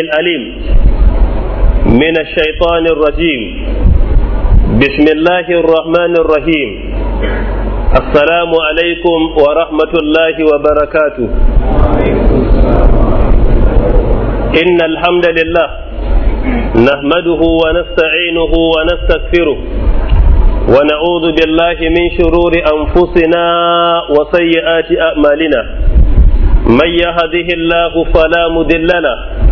الأليم من الشيطان الرجيم بسم الله الرحمن الرحيم السلام عليكم ورحمة الله وبركاته إن الحمد لله نحمده ونستعينه ونستغفره ونعوذ بالله من شرور أنفسنا وسيئات أعمالنا من يهده الله فلا مدل له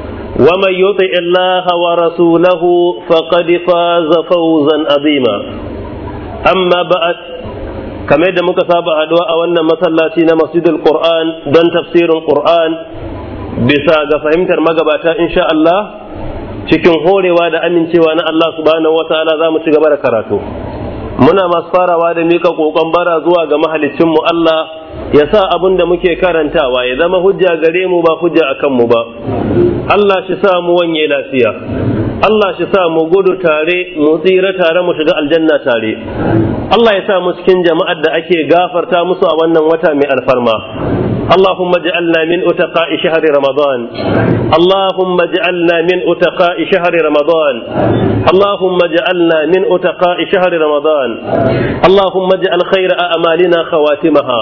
ومن يطع الله ورسوله فقد فاز فوزا عظيما أما بعد كما يدى مكسابة أدواء وأن مسلاتين مسجد القرآن دون تفسير القرآن بساقة فهمت مقباتا إن شاء الله cikin horewa da amincewa na Allah subhanahu wa ta'ala za mu ci gaba da karatu muna masu farawa da mika kokon bara zuwa ga mu Allah ya sa abin da muke karantawa ya zama hujja gare mu ba hujja a kanmu ba Allah shi sa mu wanye lafiya Allah shi sa mu gudu tare mu tsira tare mu shiga aljanna tare Allah ya sa mu cikin jama'ar da ake gafarta musu a wannan wata mai alfarma اللهم اجعلنا من أتقاء شهر رمضان اللهم اجعلنا من أتقاء شهر رمضان اللهم اجعلنا من أتقاء شهر رمضان اللهم اجعل خير أعمالنا خواتمها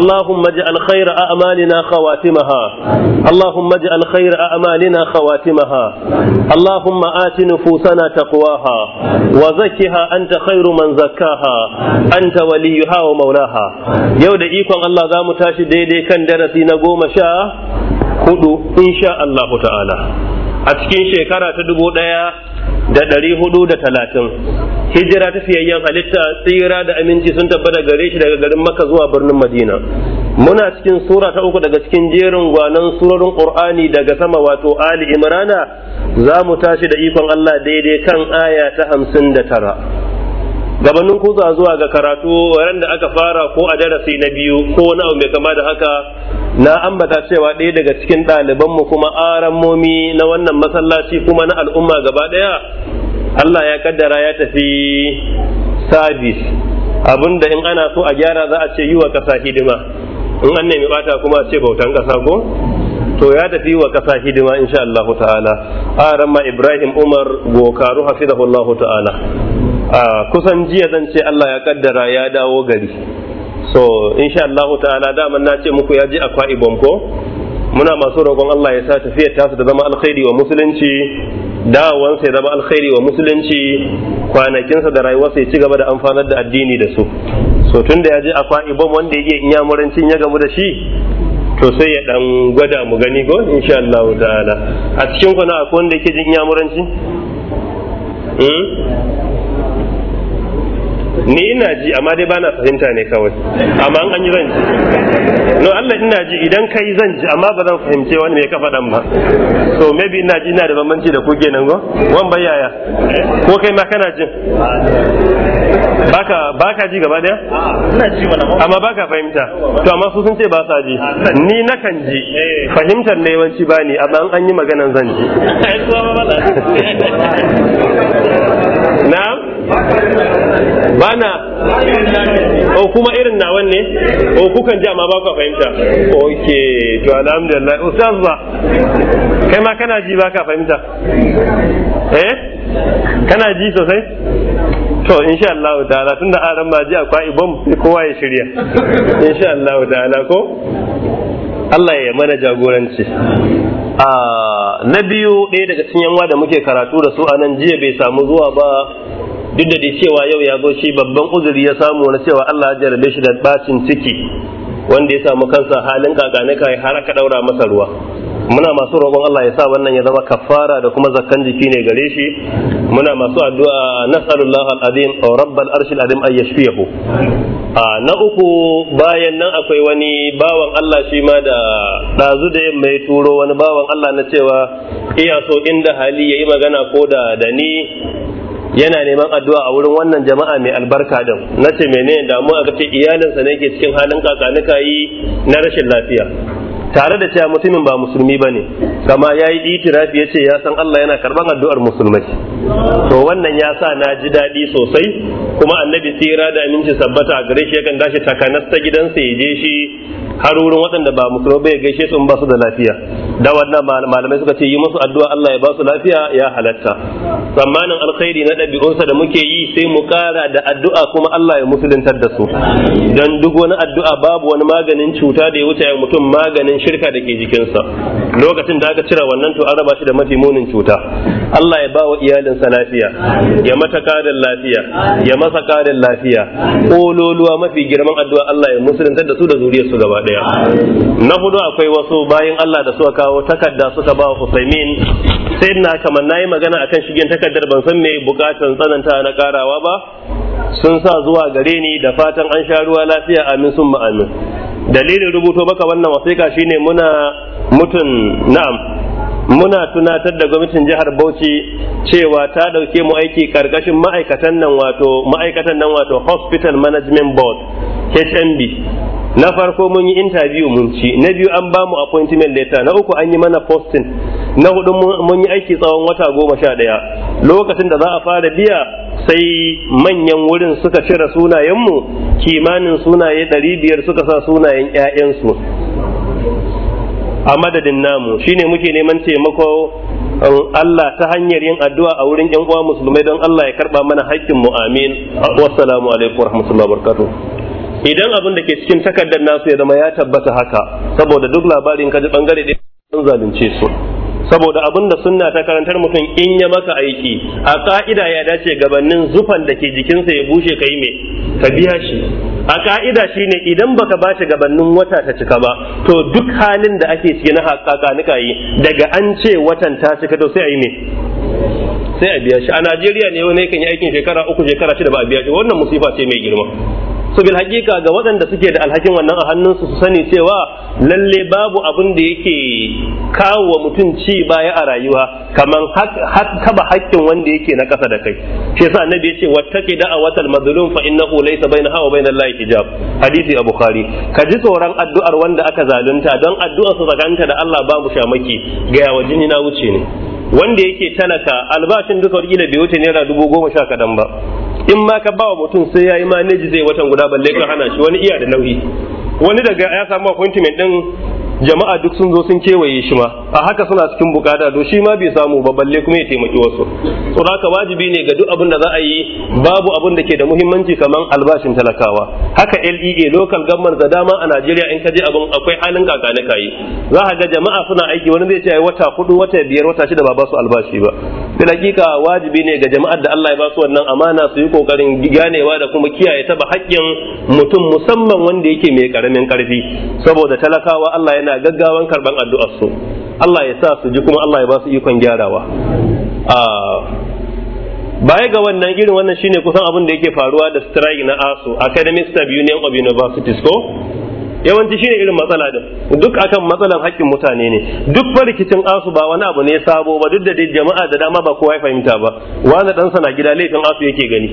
اللهم اجعل خير أعمالنا خواتمها اللهم اجعل خير أعمالنا خواتمها اللهم آت نفوسنا تقواها وزكها أنت خير من زكاها أنت وليها ومولاها يود إيكم الله ذا متاشي ديدي kan darasi na goma sha hudu insha Allahu ta'ala a cikin shekara ta dubu daya da ɗari hudu da talatin hijira ta fiyayyen halitta tsira da aminci sun tabbata gare shi daga garin maka zuwa birnin madina muna cikin sura ta uku daga cikin jerin gwanon surorin qur'ani daga sama wato ali imrana za mu tashi da ikon allah daidai kan aya ta hamsin da tara gabanin kusa zuwa ga karatu ran da aka fara ko a darasi na biyu ko wani abu mai kama da haka na ambata cewa ɗaya daga cikin ɗalibanmu kuma aran momi na wannan masallaci kuma na al'umma gaba ɗaya Allah ya kaddara ya tafi sabis abinda in ana so a gyara za a ce yi wa ƙasa hidima in an nemi bata kuma a ce bautan ƙasa ko to ya tafi wa kasa hidima insha Allah ta'ala a ma Ibrahim Umar gokaru hafizahu Allah ta'ala a kusan jiya zan ce Allah ya kaddara ya dawo gari so insha Allah ta'ala daman na ce muku ya ji akwa ibom ko muna masu roƙon Allah ya sa tafiyar su da zama alkhairi wa musulunci dawansa ya zama alkhairi wa musulunci kwanakinsa da rayuwarsa ya ci gaba da amfanar da addini da su so tun ya ji akwa ibom wanda ya iya inyamuranci ya gamu da shi to sai ya dan gwada mu gani go insha Allah ta'ala a cikin ku na akwai wanda yake jin yamuranci hmm? ni ina ji amma dai bana fahimta ne kawai amma an yi zan ji no Allah ina ji idan kai zan ji amma ba zan fahimce wani mai kafa dan ba so maybe ina ji ina da bambanci da ku kenan go wan bayaya ko kai ma kana jin baka baka ji gaba daya ina ji amma baka fahimta to amma su sun ce ba sa ji ni na kan ji fahimtar ne yawanci ni amma an yi maganan zan ji na'am bana o oh, kuma irin na wanne o oh, kukan ji amma ba ku fahimta okay to alhamdulillah ustaz ba kai ma kana ji ba ka fahimta eh kana ji sosai to insha Allah ta'ala tunda aran ma ji akwai ibon kowa ya shirya insha Allah ta'ala ko Allah ya mana jagoranci ah, na biyu ɗaya daga cikin yanwa da muke karatu da su a nan jiya bai samu zuwa ba duk da dai cewa yau ya zo shi babban uzuri ya samu na cewa Allah ya jarabe shi da bacin ciki wanda ya samu kansa halin kakane kai har aka daura masa ruwa muna masu roƙon Allah ya sa wannan ya zama kafara da kuma zakkan jiki ne gare shi muna masu addu'a nas'alullah al-azim aw rabbal arshil azim ay yashfihu na uku bayan nan akwai wani bawan Allah shi ma da dazu da yamma ya turo wani bawan Allah na cewa iya so inda hali yayi magana ko da da ni yana neman addu'a a wurin wannan jama'a mai albarka din nace menene damuwa ga ce iyalinsa ne ke cikin halin kakanuka yi na rashin lafiya tare da cewa mutumin ba musulmi bane kama yayi itirafi ce ya san Allah yana karban addu'ar musulmai to wannan ya sa na ji daɗi sosai kuma annabi tsira da aminci sabbata a gare shi yakan tashi takanas ta gidansa ya je shi har wurin waɗanda ba musulmi bai gaishe su ba su da lafiya da wannan malamai suka ce yi musu addu'a Allah ya ba su lafiya ya halatta tsammanin alkhairi na ɗabi'unsa da muke yi sai mu kara da addu'a kuma Allah ya musulunta da su dan duk wani addu'a babu wani maganin cuta da ya wuce mutum maganin shirka da ke jikinsa lokacin da aka cira wannan to an raba shi da mafi munin cuta Allah ya bawa iyalin iyalinsa lafiya ya mata karin lafiya ya masa karin lafiya Ololuwa mafi girman addu'a Allah ya musulunta da su da zuriyarsu gaba ɗaya na hudu akwai wasu bayan Allah da suka kawo takarda suka ba wa Usaimin sai na kamar nayi magana akan shigen takardar ban san me bukatan tsananta na karawa ba sun sa zuwa gare ni da fatan an sha ruwa lafiya amin sun amin dalilin rubuto baka wannan wasiƙa shine muna mutun na'am muna tunatar da gwamnatin jihar Bauchi cewa ta dauke mu aiki karkashin ma'aikatan nan wato ma'aikatan nan wato Hospital Management Board HMB na farko mun yi interview mun ci na biyu an ba mu appointment letter na uku an yi mana posting na hudu mun yi aiki tsawon wata goma sha ɗaya lokacin da za a fara biya sai manyan wurin suka cire sunayenmu kimanin sunaye ɗari biyar suka sa sunayen 'ya'yansu a madadin namu shine muke neman taimako um, Allah ta hanyar yin addu'a a wurin ƴan uwa musulmai don Allah ya karɓa mana haƙƙin mu amin wassalamu alaikum wa barakatuh idan abin da ke cikin takardar nasu ya zama ya tabbata haka saboda duk labarin kaji bangare ɗaya sun zalunce su saboda abin da sunna ta karantar mutum in ya maka aiki a ka'ida ya dace gabanin zufan da ke jikinsa ya bushe kai me ka biya shi a ka'ida ne idan baka ba shi gabanin wata ta cika ba to duk halin da ake ciki na hakakanika yi daga an ce watan ta cika to sai a yi me sai a biya shi a Najeriya ne wani kan yi aikin shekara uku shekara shida ba a biya shi wannan musifa ce mai girma su bil hakika ga waɗanda suke da alhakin wannan a hannunsu su sani cewa lalle babu abin da yake kawo wa mutum ci baya a rayuwa kaman taba hakkin wanda yake na ƙasa da kai shi yasa annabi yace wattaqi da'awatal mazlum fa innahu laysa bainaha wa bainal lahi hijab hadisi a bukhari ka ji tsoron addu'ar wanda aka zalunta don addu'ar su tsakanta da Allah babu shamaki ga yawa jini na wuce ne wanda yake talaka albashin duka gila bai wuce naira dubu goma sha kadan ba in ma ka ba wa mutum sai ya yi maneji zai watan guda balle ka hana shi wani iya da nauyi wani daga ya samu appointment din jama'a duk sun zo sun kewaye shi ma a haka suna cikin bukata to shi ma bai samu ba balle kuma ya taimaki wasu to haka wajibi ne ga duk abin da za a yi babu abin da ke da muhimmanci kamar albashin talakawa haka LEA local government da dama a Najeriya in ka je abin akwai halin kakane kayi za ka ga jama'a suna aiki wani zai ce ai wata hudu wata biyar wata shida ba ba su albashi ba da hakika wajibi ne ga jama'ar da Allah ya ba su wannan amana su yi kokarin ganewa da kuma kiyaye ta ba haƙƙin mutum musamman wanda yake mai karamin karfi saboda talakawa Allah yana yana gaggawan karban addu'ar su Allah ya sa su ji kuma Allah ya ba su ikon gyarawa baya ga wannan irin wannan shine kusan abin da yake faruwa da strike na ASU Academic Staff Union of Universities ko yawanci shine irin matsala din duk akan matsalan hakkin mutane ne duk farkicin asu ba wani abu ne sabo ba duk da dai jama'a da dama ba kowa ya fahimta ba wani ɗansa na gida laifin asu yake gani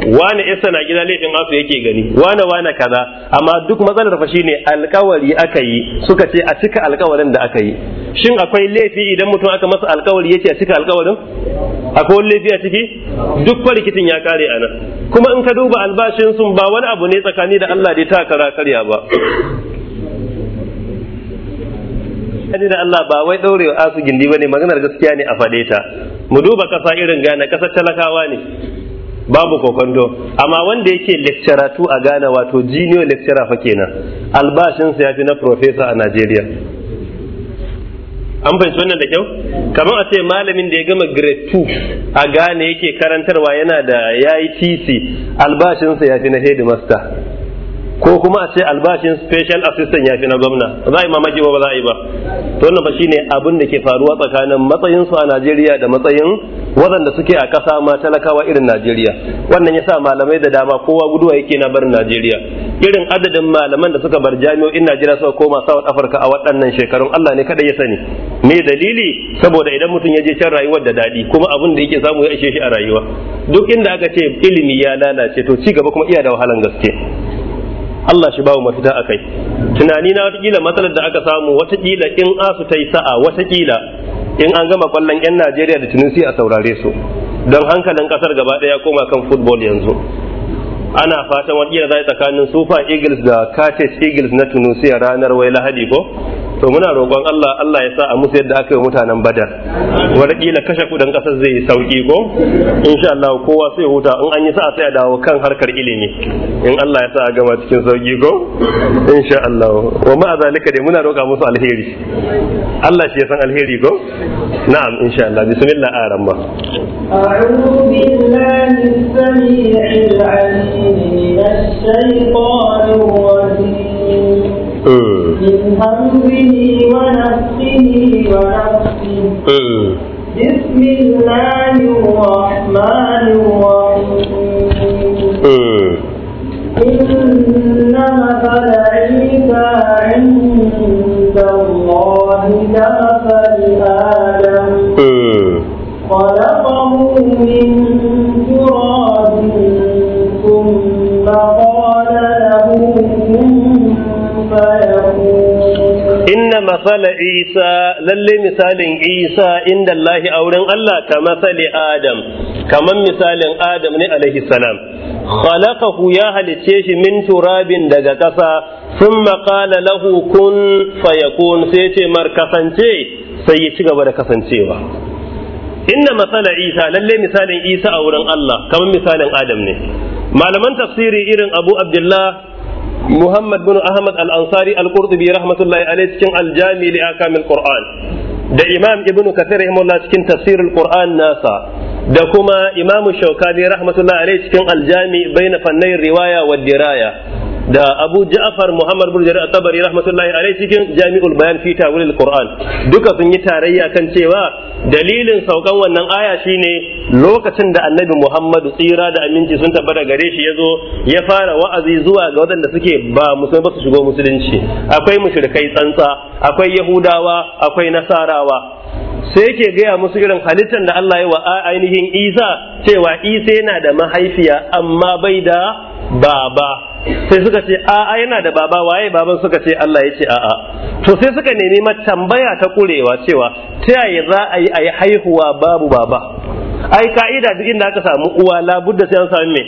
wani isa na gida laifin asu yake gani wani wani kaza amma duk matsalar fa shine alkawari aka yi suka ce a cika alkawarin da aka yi shin akwai laifi idan mutum aka masa alkawari yace a cika alkawarin akwai laifi a ciki duk farkitin ya kare a kuma in ka duba albashin sun ba wani abu ne tsakani da Allah da ta kara karya ba kadi da Allah ba wai daurewa asu gindi ba maganar gaskiya ne a fade ta mu duba kasa irin gana kasar talakawa ne babu kokondo, amma wanda yake lecturer tu a Ghana wato junior lecturer fa kenan albashin sa yafi na professor a Nigeria. an fahimci wannan da kyau kamar a ce malamin da ya gama grade 2 a Ghana yake karantarwa yana da yayi TC albashin sa yafi na headmaster ko kuma a ce albashin special assistant ya fi na gwamna za a yi mamaki ba za a yi ba to wannan ba shine abin da ke faruwa tsakanin matsayin su a Najeriya da matsayin waɗanda suke a kasa ma talakawa irin Najeriya wannan yasa malamai da dama kowa guduwa yake na barin Najeriya irin adadin malaman da suka bar jami'o'in Najeriya suka koma South Africa a waɗannan shekarun Allah ne kada ya sani me dalili saboda idan mutum ya je can rayuwar da daɗi kuma abin da yake samu ya ishe shi a rayuwa duk inda aka ce ilimi ya lalace to ci gaba kuma iya da wahalan gaske Allah shi ba mu mafita akai tunani na watakila matsalar da aka samu watakila in asu ta yi sa'a watakila in an gama kwallon 'yan Najeriya da Tunisia a saurare su don hankalin kasar gaba ɗaya koma kan football yanzu ana fatan watakila za tsakanin Super Eagles da Carthage Eagles na Tunisia ranar wai Lahadi ko to muna roƙon Allah Allah ya sa a musu yadda aka yi mutanen badar wataƙila kashe kudin ƙasar zai sauƙi ko insha Allah kowa sai huta in an yi sa sai a dawo kan harkar ilimi in Allah ya sa a gama cikin sauƙi ko insha Allah wa ma zalika dai muna roƙa musu alheri Allah shi ya san alheri ko na'am insha Allah bismillah arama أعوذ بالله السميع العليم من الشيطان الرجيم من همزه ونفسه ونفسه بسم الله الرحمن الرحيم إن مثل عيسى عند masala isa lalle misalin isa inda Allahi a wurin Allah ka adam kaman misalin adam ne alaihi salam khalaqahu ya halice shi min turabin daga ƙasa sun qala lahu kun fayakun sai ce mar kasance sai ya ci gaba da kasancewa inna masala isa lalle misalin isa a wurin Allah kaman misalin adam ne malaman tafsiri irin abu abdullah Muhammad bin Ahmad al-Ansari al-Qurtubi rahmatullahi alaihi cikin al-Jami li akamil Qur'an da Imam Ibn Kathir rahimahullah cikin tafsirul Qur'an nasa da kuma Imam Shawkani rahmatullahi alaihi cikin al-Jami baina fannayin riwaya wa diraya da Abu Ja'far Muhammad bin Jarir At-Tabari rahmatullahi alaihi cikin Jami'ul Bayan fi Tawilil Qur'an duka sun yi tarayya kan cewa dalilin saukan wannan aya shine lokacin da Annabi Muhammad tsira da aminci sun tabbata gare shi yazo ya fara wa'azi zuwa ga wadanda suke ba musulmi ba su shigo musulunci akwai mushrikai tsantsa akwai Yahudawa akwai Nasarawa sai yake gaya musu irin halittar da Allah ya wa ainihin Isa cewa Isa yana da mahaifiya amma bai da baba sai suka ce a'a yana da baba waye baban suka ce Allah ya ce a'a to sai suka nemi ma tambaya ta kurewa cewa ta yaya za a yi a haihuwa babu baba ai ka'ida duk inda aka samu uwa labudda sai an samu me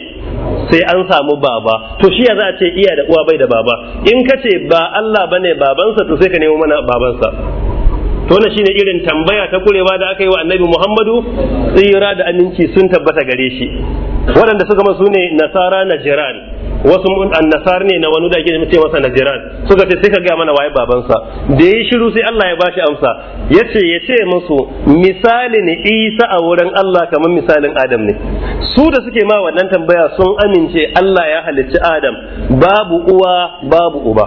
sai an samu baba to shi ya za a ce iya da uwa bai da baba in ka ce ba Allah bane babansa to sai ka nemo mana babansa to na shine irin tambaya ta kurewa da aka yi wa annabi muhammadu tsira da aminci sun tabbata gare shi waɗanda suka masu ne nasara na jiran wasu annasar ne na wani da ake ce masa najiran suka ce sai ka gaya mana waye babansa da ya shiru sai Allah ya bashi amsa ya ce ya ce musu misalin isa a wurin Allah kamar misalin adam ne su da suke ma wannan tambaya sun amince Allah ya halicci adam babu uwa babu uba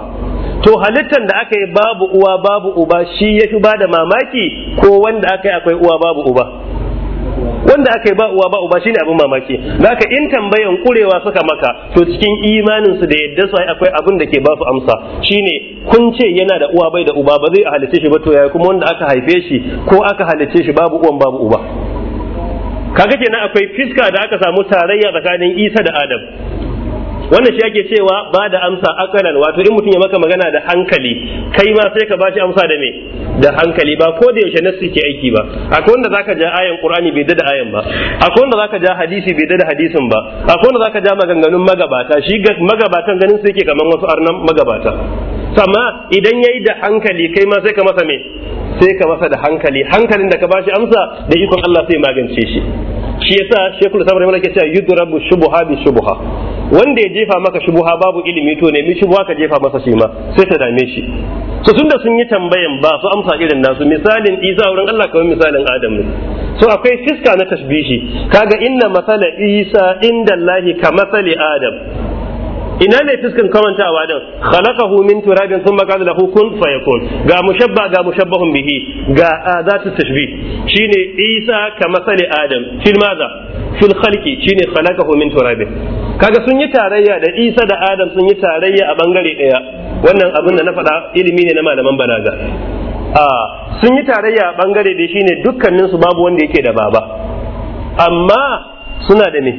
to halittan da aka yi babu uwa babu uba shi ya fi ba da mamaki ko wanda aka yi akwai uwa babu uba wanda aka yi ba uwa ba uba shine abin mamaki zaka in tambayan kurewa suka maka to cikin imanin su da yadda su akwai abin da ke ba su amsa shine kun ce yana da uwa bai da uba ba zai halace halice shi ba to yayi kuma wanda aka haife shi ko aka halice shi babu uwan babu uba kaga kenan akwai fiska da aka samu tarayya tsakanin Isa da Adam wannan shi ake cewa ba da amsa akalan wato in mutum ya maka magana da hankali kai ma sai ka ba shi amsa da me da hankali ba ko da yaushe nassi ke aiki ba akwai wanda zaka ja ayan qur'ani bai da ayan ba akwai wanda zaka ja hadisi bai da hadisin ba akwai wanda zaka ja maganganun magabata shi magabatan ganin su yake kaman wasu arnan magabata sama idan yayi da hankali kai ma sai ka masa me sai ka masa da hankali hankalin da ka bashi amsa da ikon Allah sai magance shi shi yasa shekul samar mana ke cewa yudrabu shubuha bi shubuha wanda ya jefa maka shubuha babu ilimi to mi shubuha ka jefa masa shi ma sai ta dame shi so tunda sun yi tambayan ba su amsa irin nasu misalin isa wurin Allah kamar misalin adam ne so akwai fiska na tashbihi kaga inna masala isa inda Allah ka masali adam ina ne fuskan karantawa din khalaqahu min turabin thumma qala lahu kun fayakun ga mushabba ga mushabbahun bihi ga adatu ah, tashbih shine isa ka masali adam fil maza fil khalqi shine khalaqahu min turabin kaga sun yi tarayya da isa da adam sun yi tarayya a bangare daya wannan abin da na faɗa ilimi ne na malaman balaga ah, sun yi tarayya a bangare da shine dukkaninsu babu wanda yake da baba amma suna da ne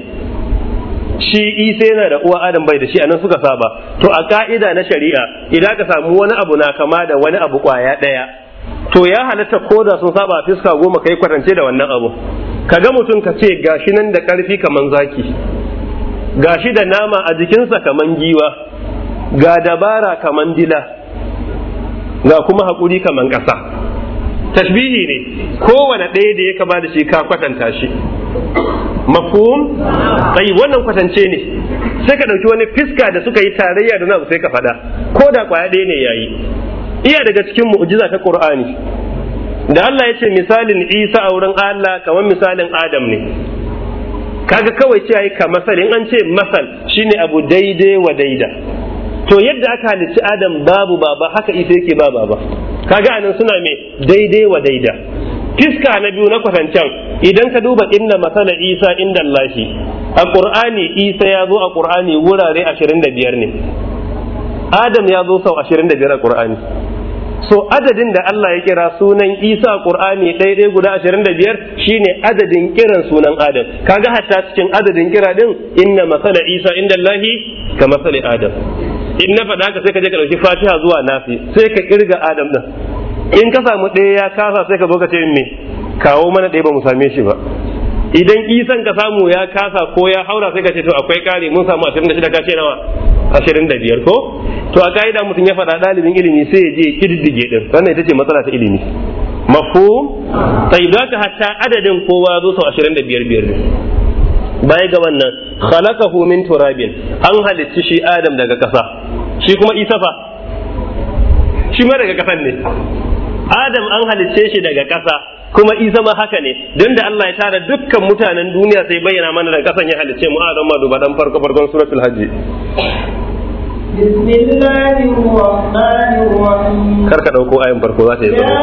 shi isa yana da uwa adam bai da shi anan suka saba to a ka'ida na shari'a idan ka samu wani abu na kama da wani abu kwaya daya to ya halatta ko da sun saba a fiska goma kai kwatance da wannan abu kaga mutum ka ce gashi nan da karfi kaman zaki gashi da nama a jikinsa kaman giwa ga dabara kaman dila ga kuma hakuri kaman ƙasa tashbihi ne kowane ɗaya da ya ba da shi ka kwatanta shi mafhum tayyib wannan kwatance ne sai ka dauki wani fiska da suka yi tarayya da nan sai ka fada ko da kwaya ɗaya ne yayi iya daga cikin mu'jiza ta qur'ani da Allah ya ce misalin Isa a wurin Allah kamar misalin Adam ne kaga kawai ce ka sai in an ce masal shine abu daidai wa daida to yadda aka halicci Adam babu baba haka Isa yake ba baba kaga anan suna mai daidai wa daida fiska na biyu na kwatancan idan ka duba inna masala isa inda lashi a qur'ani isa ya zo a qur'ani wurare 25 ne adam ya zo sau 25 a qur'ani so adadin da Allah ya kira sunan Isa Qur'ani ɗaya ɗaya guda ashirin da biyar shine adadin kiran sunan Adam kaga hatta cikin adadin kira din inna masala Isa inda Allahi ka masali Adam in na faɗa ka sai ka je ka ɗauki Fatiha zuwa Nafi sai ka kirga Adam din in ka samu ɗaya ya kasa sai ka zo ka ce me kawo mana ɗaya ba mu same shi ba idan isan ka samu ya kasa ko ya haura sai ka ce to akwai kare mun samu ashirin da 26 ka ce nawa Ashirin da biyar ko to a ka'ida mutum ya faɗa ɗalibin ilimi sai ya je ƙididdige din wannan ita ce matsala ta ilimi Mafu, mafhum za ka hatta adadin kowa zo sau da biyar biyar baya ga wannan khalaqahu min turabin an halicci shi adam daga kasa shi kuma isa fa shi ma daga kasan ne adam an halicce shi daga ƙasa kuma isa zama haka ne don da Allah ya tara dukkan mutanen duniya sai bayyana mana da ƙasan ya halicce mu adam ma duba dan farko farkon suratul hajji kar ka ayin farko za ta yi zama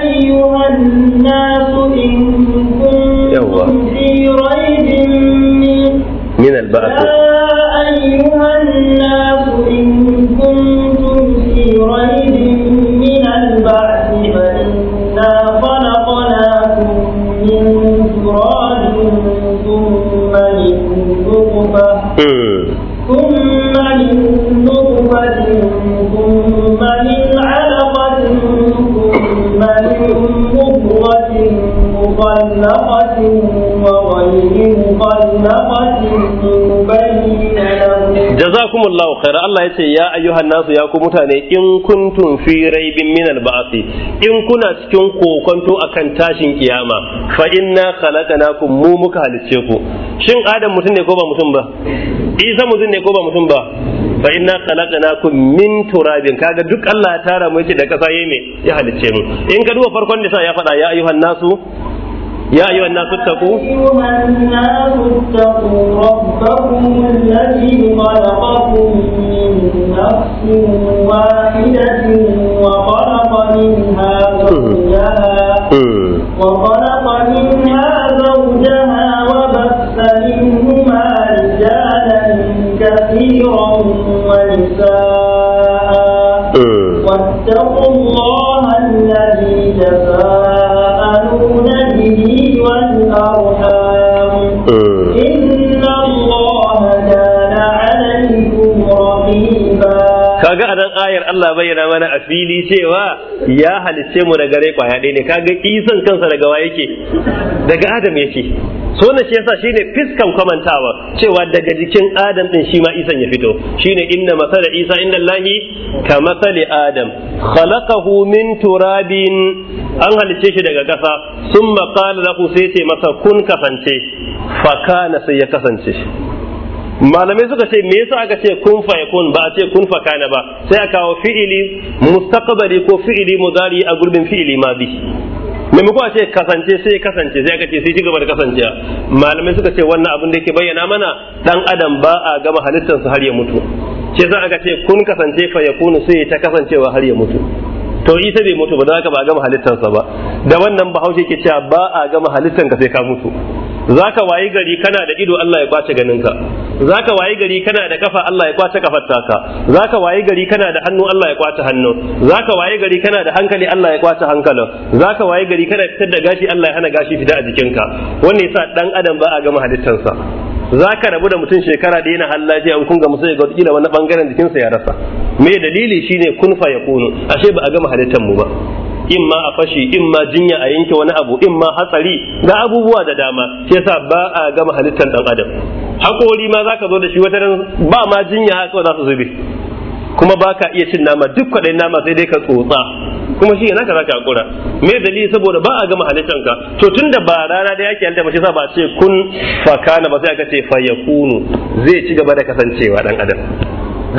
ayyuhan nasu in kuntum fi raibin min al-ba'th ayyuhan nasu in kuntum eux. Da za kuma Allah ya ce ya ayyuhannasu ya kuma mutane in kuntun firai bin min alba'afi in kuna cikin kokonto akan tashin iyama, fahimmar kala kanaku mun muka Shin Adam mutum ne ko ba mutum ba? Isa mutum ne ko ba mutum ba? Fahimmar kala kanaku mintuna bin kaga duk Allah ya tara mu yadda ƙasa ya halicce mu. In ka duba farkon de shan ya fada ya ayyuhannasu? يا أيها الناس اتقوا أيها الناس اتقوا ربكم الذي خلقكم من نفس واحدة وخلق منها زوجها وخلق منها زوجها وبث منهما رجالا كثيرا ونساء واتقوا kaga a nan ayar Allah bayyana mana a fili cewa ya halicce mu daga rai kwaya ɗaya ne kaga isan kansa daga wa yake daga adam yake so na shi yasa shine fiskan kwamantawa cewa daga jikin adam din shi ma isan ya fito shine inna masala isa inna lahi ka masali adam khalaqahu min turabin an halice shi daga kasa summa qala lahu sai ce masa kun kasance fa kana sai ya kasance malamai suka ce me yasa aka ce kun fa yakun ba a ce kun fa kana ba sai aka kawo fi'ili mustaqbali ko fi'ili mudari a gurbin fi'ili madi maimakon a ce kasance sai kasance sai aka ce sai ci gaba da kasancewa malamai suka ce wannan abin da yake bayyana mana dan adam ba a gama halittarsa har ya mutu ce za aka ce kun kasance fa yakunu sai ta kasancewa har ya mutu to isa bai mutu ba don haka ba a gama halittarsa ba da wannan bahaushe ke cewa ba a gama halittanka sai ka mutu zaka wayi gari kana da ido Allah ya kwace ganinka zaka wayi gari kana da kafa Allah ya kwace kafar taka zaka wayi gari kana da hannu Allah ya kwace hannu zaka wayi gari kana da hankali Allah ya kwace hankalin zaka wayi gari kana fitar da gashi Allah ya hana gashi fita a jikinka wannan yasa dan adam ba a gama halittarsa za ka rabu da mutum shekara da yana hallaji an kunga musu ya ga wani bangaren jikinsa ya rasa me dalili shine kun fa kunu ashe ba a gama halittar mu ba in ma a fashi in ma jinya a yanke wani abu in ma hatsari ga abubuwa da dama shi yasa ba a gama halittar dan adam hakori ma za ka zo da shi wata ba ma jinya haka za su zube kuma ba ka iya cin nama duk kwaɗayin nama sai dai ka tsotsa kuma shi yana ka zaka hakura me dalili saboda ba a gama halittan ka to tunda ba rana da yake halitta ba shi sa ba ce kun fakana ba sai aka ce fayakunu zai ci gaba da kasancewa dan adam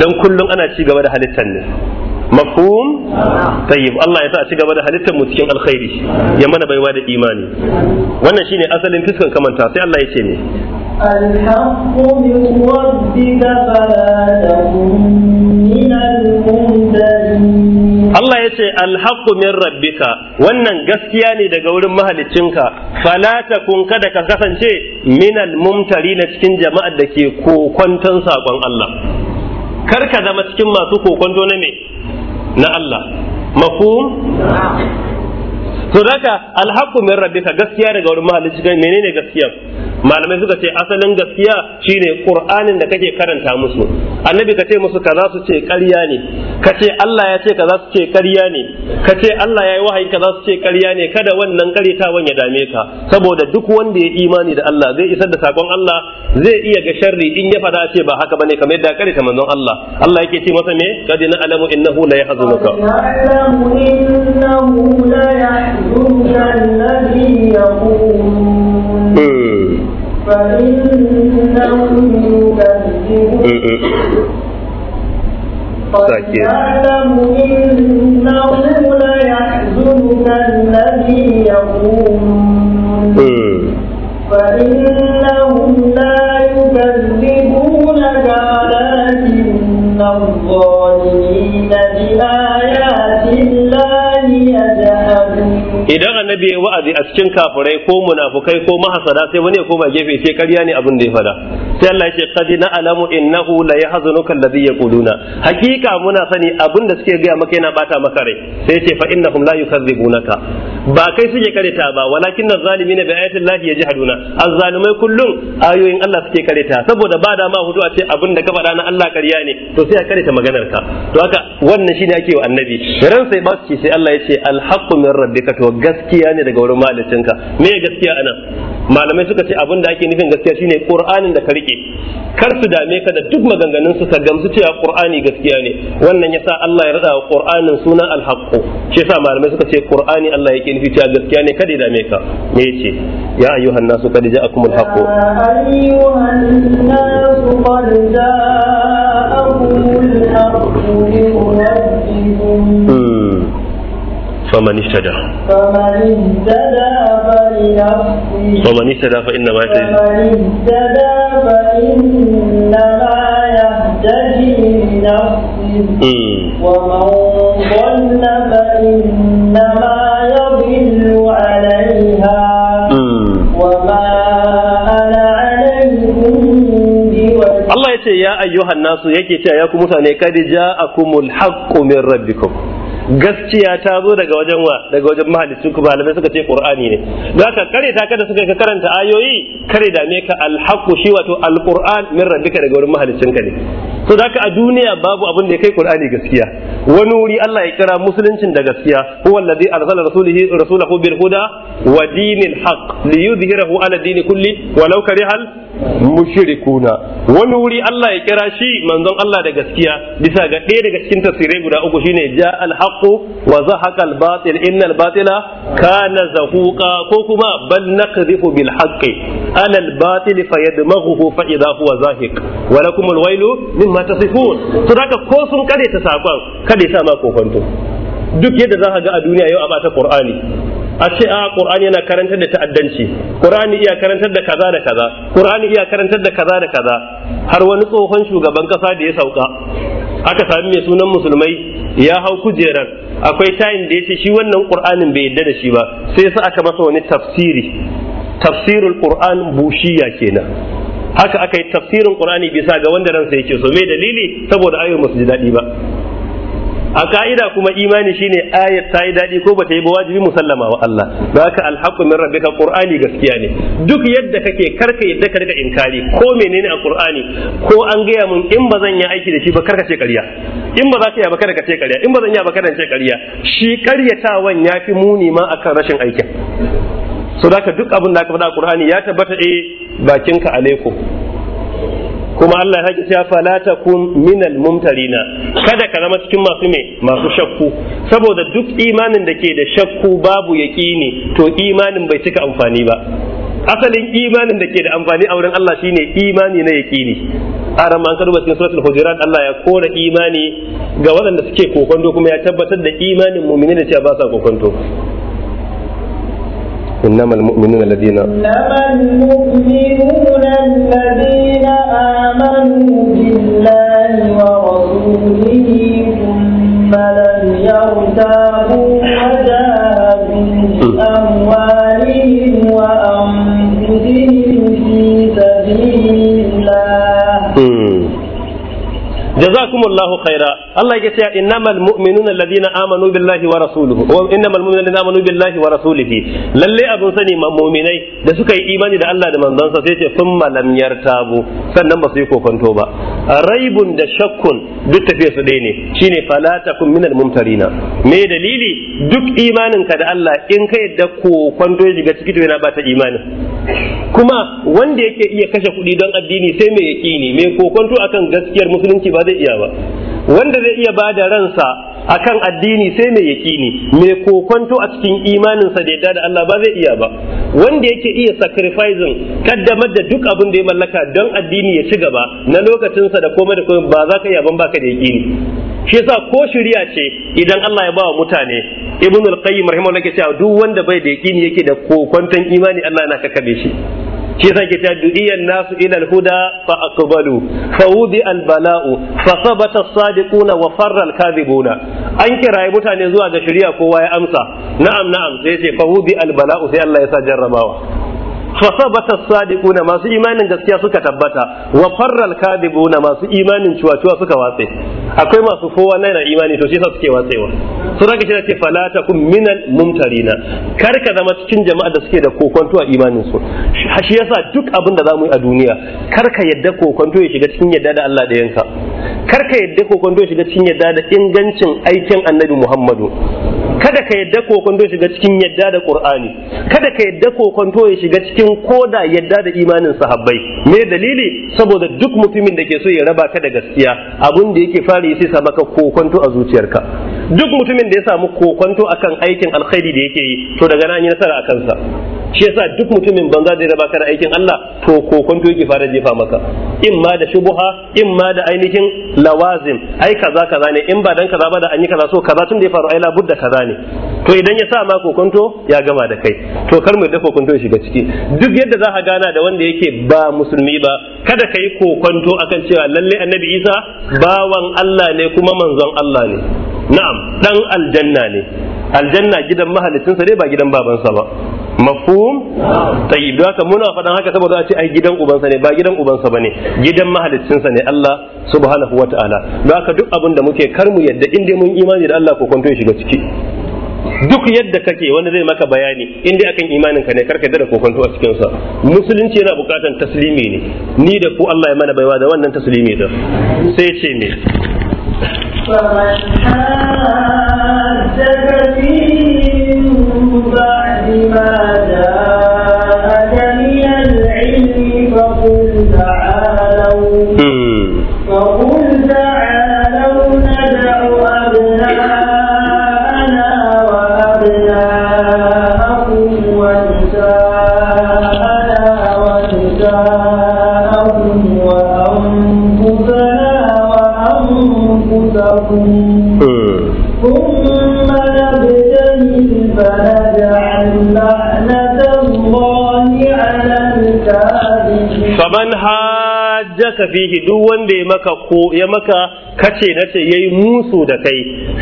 dan kullum ana ci gaba da halittar ne mafhum tayyib Allah ya sa a ci gaba da halittar mu cikin alkhairi ya mana baiwa da imani wannan shi ne asalin fiskan kamanta sai Allah ya ce ne الحق من ربك فلا تكن ya ce alhaqqu min rabbika wannan gaskiya ne daga wurin mahaliccinka fala kun kada ka kasance minal mumtari na cikin jama'ar da ke kokonton sakon Allah kar ka zama cikin masu kokonto na me na Allah mafhum Sudaka alhakumin alhaku min rabbika gaskiya daga wurin mahalicci kai menene gaskiya malamai suka ce asalin gaskiya shine qur'anin da kake karanta musu annabi ka ce musu kaza su ce ƙarya ne ka ce Allah ya ce kaza su ce ƙarya ne ka ce Allah ya yi wahayi kaza su ce ƙarya ne kada wannan ƙaretawan ya dame ka saboda duk wanda ya imani da Allah zai isar da sakon Allah zai iya ga sharri in ya fada ce ba haka bane kamar yadda karita manzon Allah Allah yake ce masa me kadina alamu innahu la yahzunuka يحزنك الذي يقولون فإنهم يكذبون ساكن فإن annabi ya wa'azi a cikin kafirai ko munafukai ko mahasada sai wani ya koma gefe sai karya ne abin da ya fada sai Allah ya ce qad na'lamu innahu la yahzunuka alladhi yaquluna hakika muna sani abin da suke gaya maka yana bata maka rai sai ce fa innahum la yukazzibunaka ba kai suke kareta ba walakin az-zalimin bi ayati llahi yajhaduna az-zalimai kullum ayoyin Allah suke kareta saboda ba da ma hudu a ce abin da ka faɗa na Allah karya ne to sai ka kareta maganar ka to haka wannan shine ake wa annabi ran sai ba su ce sai Allah ya ce al-haqqu min rabbika to gaskiya gaskiya ne daga wurin malicinka me gaskiya anan malamai suka ce abin da ake nufin gaskiya shine qur'anin da ka rike kar su dame ka da duk maganganun su ka gamsu cewa qur'ani gaskiya ne wannan yasa Allah ya rada wa qur'anin sunan al-haqq shi yasa malamai suka ce qur'ani Allah yake nufi cewa gaskiya ne kada ya dame ka me yace ya ayyuhan nasu qad ja'akumul haqq ya ayyuhan nasu qad ja'akumul haqq فمن اهتدى فمن اهتدى فإنما يهتدي فإنما يهتدي لنفسه ومن ضل فإنما يضل عليها Allah ya ce, “Ya ayyuhan nasu yake cewa ya ku mutane, kadija akumul haƙƙumin rabbikum. gaskiya ta zo daga wajen wa daga wajen mahallicin ku malamai suka ce qur'ani ne don haka kare ta kada suka ka karanta ayoyi kare da me ka alhaqu shi wato alquran min rabbika daga wurin mahallicin ka ne to zaka a duniya babu abin da ya kai qur'ani gaskiya wani wuri Allah ya kira musuluncin da gaskiya huwa allazi arsala rasulahu rasulahu bil huda wa dinil haqq yudhhirahu ala dini kulli walau karihal mushrikuna wani wuri Allah ya kira shi manzon Allah da gaskiya bisa ga ɗaya daga cikin tafsirai guda uku shine ja al الحق وزهق الباطل إن الباطل كان زهوقا كوكما بل نقذف بالحق على الباطل فيدمغه فإذا هو زاهق ولكم الويل مما تصفون صدق كوسن كده تساقون كده سما كوكنتو duk yadda za ka ga a duniya yau a bata qur'ani a ce a ah, qur'ani yana karantar da ta'addanci qur'ani iya karantar da kaza da kaza qur'ani iya karantar da kaza da kaza har wani tsohon shugaban kasa da ya sauka aka sami mai sunan musulmai ya hau kujerar akwai tayin da ya ce shi wannan qur'anin bai yadda da shi ba sai sa aka masa wani tafsiri tafsirul qur'an bushiya kenan haka aka yi tafsirin qur'ani bisa ga wanda ransa yake so me dalili saboda ayoyin musu ji daɗi ba a ka'ida kuma imani shine ayat ta yi daɗi ko bata yi ba wajibi musallama wa Allah don haka alhaqqu min rabbika qur'ani gaskiya ne duk yadda kake karka yadda ka daga inkari ko menene a qur'ani ko an gaya mun in ba zan yi aiki da shi ba karka ce ƙarya in ba za ka yi ba karka ce ƙarya in ba zan yi ba karka ce ƙarya shi ƙaryatawan ya fi muni ma akan rashin aikin so da duk abin da aka faɗa a qur'ani ya tabbata eh bakinka alaikum kuma Allah ya haƙi cewa fala takun minal mumtarina kada ka zama cikin masu me masu shakku saboda duk imanin da ke da shakku babu yaƙini to imanin bai cika amfani ba asalin imanin da ke da amfani a wurin Allah shine imani na yaƙini aran man karuba cikin suratul hujurat Allah ya kora imani ga waɗanda suke kokonto kuma ya tabbatar da imanin mu'mini da cewa ba sa kokonto إنما المؤمنون الذين إنما المؤمنون الذين آمنوا بالله ورسوله ثم لم يرتابوا وجاهدوا بأموالهم وأنفسهم في سبيل الله جزاكم الله خيرا Allah yake cewa innamal mu'minuna alladhina amanu billahi wa rasuluhu wa innamal mu'minuna alladhina amanu billahi wa rasulihi lalle abun sani ma mu'minai da suka yi imani da Allah da sa sai ce thumma lam yartabu sannan ba su yi kokonto ba raibun da shakkun duk tafiya su dai ne shine falatakum takum minal mumtarina me dalili duk imanin ka da Allah in ka yadda kokonto ya shiga ciki to yana ba ta imani kuma wanda yake iya kashe kuɗi don addini sai mai yaƙini mai kokonto akan gaskiyar musulunci ba zai iya ba wanda zai iya ba da ransa a kan addini sai mai yaƙini mai kokonto a cikin imaninsa da yadda da Allah ba zai iya ba wanda yake iya sacrificing kaddamar da duk abin da ya mallaka don addini ya ci gaba na lokacinsa da komai da komai ba za ka iya ban baka da yaƙini shi yasa ko shirya ce idan Allah ya ba wa mutane ibnul qayyim rahimahullah ke cewa duk wanda bai da yaƙini yake da kokonton imani Allah na kakabe shi shi yasa ke ta nasu ila al-huda fa aqbalu fa wudi al-bala'u fa sabata as-sadiquna wa farra al-kadhibuna an kiraye mutane zuwa ga shari'a kowa ya amsa na'am na'am sai ce fa wudi al-bala'u sai Allah ya sa jarrabawa fasabata sadiquna masu imanin gaskiya suka tabbata wa farral kadibuna masu imanin cuwa-cuwa suka watse akwai masu kowa na imani to shi yasa suke watsewa sun raka shi ce Falata, kun minal mumtarina kar ka zama cikin jama'a da suke da kokonto a imanin su shi yasa duk abin da zamu yi a duniya kar ka yadda kokonto ya shiga cikin yadda da Allah da yanka kar ka yadda kokonto ya shiga cikin yadda da ingancin aikin Annabi Muhammadu kada ka yadda kokonto ya shiga cikin yadda da qur'ani kada ka yadda kokonto ya shiga cikin koda yadda da imanin sahabbai me dalili saboda duk mutumin da ke so ya raba ka da gaskiya abun da yake fari sai sa maka kokonto a zuciyarka duk mutumin da ya samu kokonto akan aikin alkhairi da yake yi to daga nan yi nasara akan sa shi yasa duk mutumin banza zai raba ka da aikin Allah to kokonto yake fara jefa maka in ma da shubuha in ma da ainihin lawazim ai kaza kaza ne in ba dan kaza ba da an yi kaza so kaza tun da ya faru ai labudda kaza ne to idan ya sa ma kokonto ya gama da kai to kar mu da kokonto ya shiga ciki duk yadda za ka gana da wanda yake ba musulmi ba kada ka yi kokonto akan cewa lalle annabi Isa bawan Allah ne kuma manzon Allah ne na'am dan aljanna ne aljanna gidan mahalicinsa ne ba gidan babansa ba mafhum tayyib haka muna faɗan haka saboda a ce ai gidan ubansa ne ba gidan ubansa bane gidan mahaliccinsa ne Allah subhanahu wataala don haka duk abin muke kar mu yadda in dai mun imani da Allah ko kwanto ya shiga ciki duk yadda kake wani zai maka bayani in akan imanin ka ne karka dara kokonto a cikin sa musulunci yana bukatan taslimi ne ni da ku Allah ya mana baiwa da wannan taslimi da sai ce ne. بما faman hajjaka fihi duk wanda ya maka ko ya maka kace nace yayi musu da kai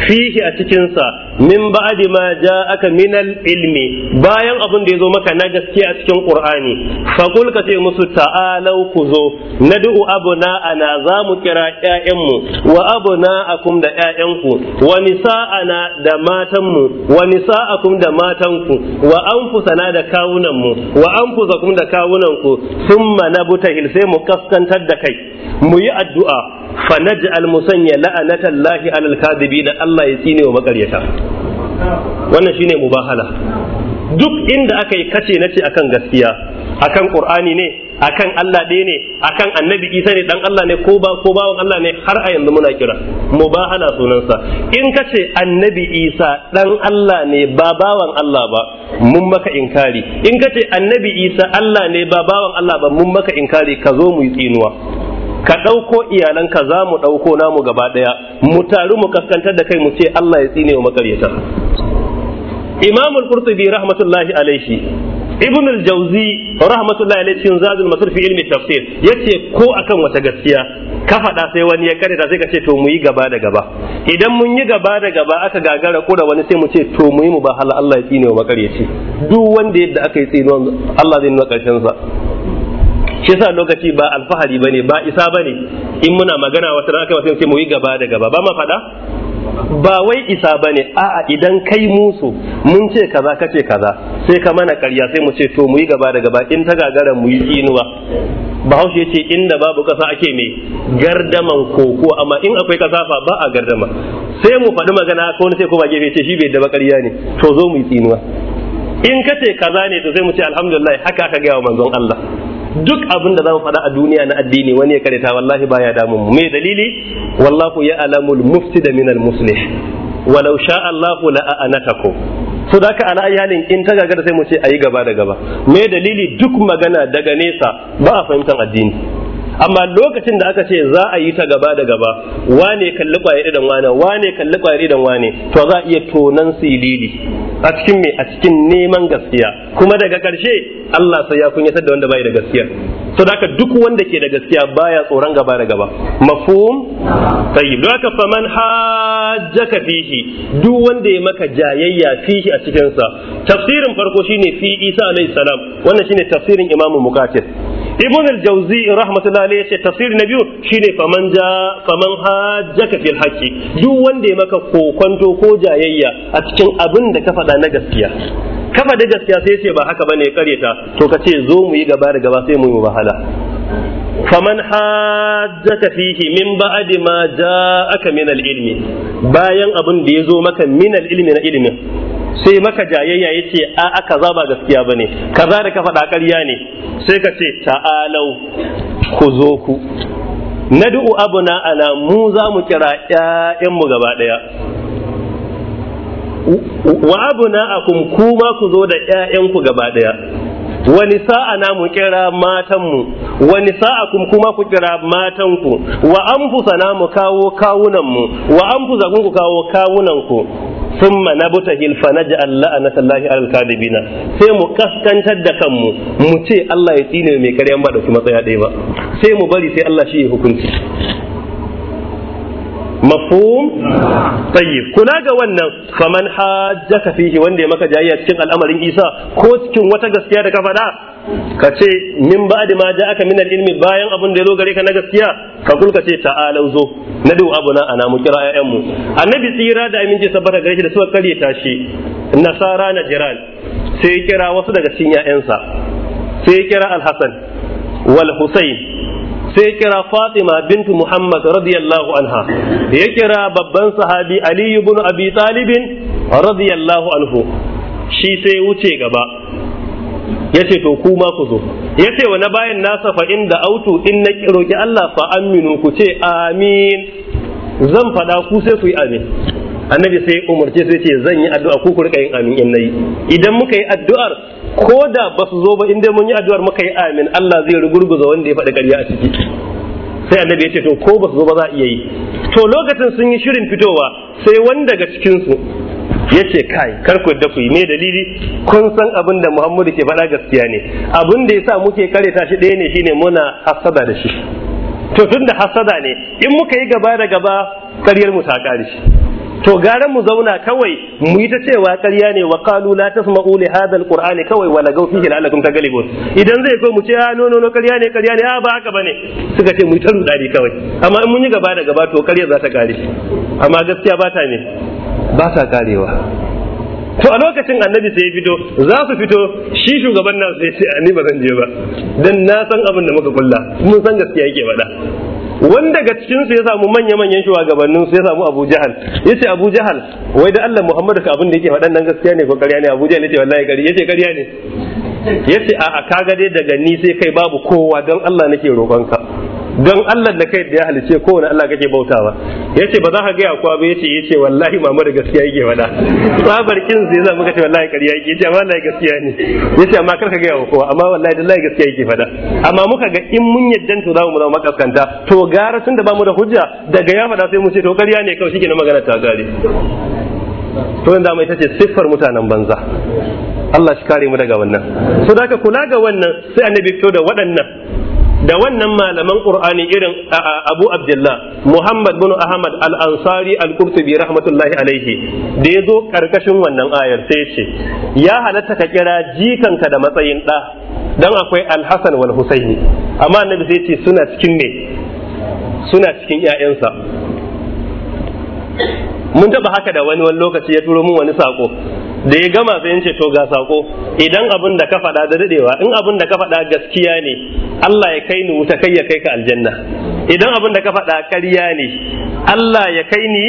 fihi a cikin sa min ba'di ma ja'aka min al-ilmi bayan abin da yazo maka na gaskiya a cikin Qur'ani fa qul ka ce musu ta'alau ku zo nad'u abuna ana za mu kira ƴaƴanmu wa abuna akum da ƴaƴanku wa nisa'ana da matanmu wa nisa'akum da matanku wa anfusana da kawunanmu wa anfusakum da kawunanku thumma nabtahil sai mu kaskantar da kai mu yi addu'a fa naj'al musanya la'anatallahi alal da Allah ya tsine wa makaryata wannan shine mubahala duk inda aka yi kace nace akan gaskiya akan qur'ani ne akan Allah ɗaya ne akan annabi Isa ne dan Allah ne ko ba ko bawan Allah ne har a yanzu muna kira mubahala sunansa in kace annabi Isa dan Allah ne ba bawan Allah ba mun maka inkari in kace annabi Isa Allah ne ba bawan Allah ba mun maka inkari ka zo mu yi tsinuwa ka ɗauko iyalanka za mu ɗauko namu gaba ɗaya mu taru mu kaskantar da kai mu ce Allah ya tsine wa makaryata Imam al-Qurtubi rahmatullahi alaihi Ibn al-Jawzi rahmatullahi alaihi cikin Zadul Masir fi ilmi tafsir yace ko akan wata gaskiya ka faɗa sai wani ya karanta sai ka ce to mu yi gaba da gaba idan mun yi gaba da gaba aka gagara ko da wani sai mu ce to mu yi mu ba hala Allah ya tsine wa makaryaci duk wanda yadda aka yi tsinuwa Allah zai nuna karshen sa shi yasa lokaci ba alfahari bane ba isa bane in muna magana wata da aka yi sai mu yi gaba da gaba ba ma faɗa ba wai isa ba ne a'a idan kai musu mun ce kaza kace kaza sai ka mana karya sai mu ce to mu yi gaba da gaba in ta gagara mu yi inuwa bahaushe ya ce inda babu kasa ake mai gardaman koko amma in akwai kasa fa ba a gardama sai mu faɗi magana ko wani sai kuma gefe ce shi bai da ƙarya ne to zo mu yi tsinuwa in ka ce kaza ne to sai mu ce alhamdulillah haka aka gaya wa manzon Allah duk abin da za mu faɗa a duniya na addini wani ya karanta wallahi baya damun mu me dalili wallahu ya alamul mufsida minal muslih walau sha Allahu la a'anatakum so da ka ana ayalin in ta da sai mu ce ayi gaba da gaba me dalili duk magana daga nesa ba a fahimtar addini amma lokacin da aka ce za a yi ta gaba da gaba wane kalli kwayar idan wane wane kalli kwayar idan wane to za a iya tonan silili a cikin me a cikin neman gaskiya kuma daga karshe Allah sai ya kunyatar da wanda bai da gaskiya to da duk wanda ke da gaskiya baya tsoron gaba da gaba mafhum tayyib don ka faman hajjaka fihi duk wanda ya maka jayayya fihi a cikin sa tafsirin farko shine fi Isa alayhi salam wannan shine tafsirin Imam mukatir ibn al-jawzi rahmatullahi alayhi yace tafsiri na biyu shine faman ja faman hajjaka fil haqqi duk wanda ya maka kokonto ko jayayya a cikin abin da ka faɗa na gaskiya ka faɗi gaskiya sai ce ba haka bane kareta to ka ce zo mu yi gaba da gaba sai mu yi wahala faman hajjaka fihi min ba'di ma ja'aka min al-ilmi bayan abin da zo maka min al-ilmi na ilimin sai maka jayayya ya ce a aka kaza ba gaskiya ba ne kaza da ka faɗa ƙarya ne sai ka ce ta'alau ku zo ku abu abuna ala mu za mu kira ƴaƴanmu gaba ɗaya wa abuna akum kuma ku zo da ƴaƴanku gaba ɗaya wani na mu kira matanmu wani sa'akum kuma ku kira matanku wa na mu kawo kawunanmu wa kun ku kawo kawunanku summa na thumma nabtahil fa naj'al la'nata Allahi 'alal kadibina sai mu kaskantar da kanmu mu ce Allah ya tsine mai karyan ba dauki matsaya ɗaya ba sai mu bari sai Allah shi ya hukunci mafhum tayyib kula ga wannan faman hajjaka fihi wanda ya maka jayayya cikin al'amarin Isa ko cikin wata gaskiya da ka fada ka ce min ba da ma ja aka min ilmi bayan abun da ya zo gare ka na gaskiya ka kulka ce ta'alau zo na duk abuna ana mu kira ƴaƴanmu annabi tsira da aminci sabbata gare shi da suka karyata shi nasara na jiran sai kira wasu daga cikin ƴaƴansa sai kira al-Hasan wal Husayn sai ya kira Fatima bintu Muhammad radiyallahu anha ya kira babban sahabi Ali ibn Abi Talib radiyallahu anhu shi sai wuce gaba yace to ku ma ku zo yace wa na bayan nasa fa inda autu in na roki Allah fa aminu ku ce amin zan faɗa ku sai ku yi amin annabi sai umarce sai ce zan yi addu'a ku ku rika yin amin in nayi idan muka yi addu'ar ko da ba su zo ba inda mun yi addu'ar muka yi amin Allah zai rugurguza wanda ya faɗi ƙarya a ciki sai annabi ya ce to ko ba su zo ba za a iya yi to lokacin sun yi shirin fitowa sai wanda daga cikin su ya ce kai kar ku yadda ku yi me dalili kun san abin da Muhammadu ke faɗa gaskiya ne abin da yasa muke kareta shi ɗaya ne shine muna hasada da shi to tun da hasada ne in muka yi gaba da gaba ƙaryar mu ta ƙare to gara mu zauna kawai mu yi ta cewa ƙarya ne wa qalu la tasma'u li hadha alquran kawai wa lagaw fihi la'allakum taghlibun idan zai zo mu ce a ah, no no no ƙarya ne ƙarya ne a ah, ba haka bane suka ce mu yi ta rudani kawai amma in mun yi gaba da gaba to ƙarya za ta kare amma gaskiya ba ta ne ba ta karewa to a lokacin annabi sai ya fito za su fito shi shugaban nan sai ce ni ba zan je ba dan na san abin da muka kulla mun san gaskiya yake faɗa wani daga cikin su ya samu manya manyan shugabannin su ya samu Abu Jahal yace Abu Jahal wai da Allah Muhammadu ka abin da yake faɗan nan gaskiya ne ko ƙarya ne Abu Jahal yace wallahi ƙarya yace ƙarya ne yace a'a kaga dai daga ni sai kai babu kowa don Allah nake roƙonka don Allah da kai da ya halice kowane Allah kake bautawa Ya ce ba za ka gaya kuwa ba Ya ce wallahi mama da gaskiya yake wada tsabar kin zai za muka ce wallahi ƙarya yake amma wallahi gaskiya ne Ya ce amma kar ka gaya wa kowa amma wallahi da gaskiya yake fada amma muka ga in mun yaddan to za mu zama makaskanta to gara tun da bamu da hujja daga ya fada sai mu ce to ƙarya ne kawai shike na magana ta gare to yanda mai ce siffar mutanen banza Allah shi kare mu daga wannan so da ka kula ga wannan sai annabi fito da waɗannan da wannan malaman qur'ani irin abu abdullah muhammad bin ahmad al-ansari al-qurtubi rahmatullahi alaihi da ya zo karkashin wannan ayar sai ce ya halatta ka kira jikanka da matsayin ɗa dan akwai al-hasan wal husaini amma annabi sai ce suna cikin ne suna cikin mun taba haka da wani wani lokaci ya turo mun wani sako da ya gama sai ce to ga sako idan abin da ka faɗa da dadewa in abin da ka faɗa gaskiya ne Allah ya kai ni wuta kai ya kai ka aljanna idan abin da ka faɗa ƙarya ne Allah ya kai ni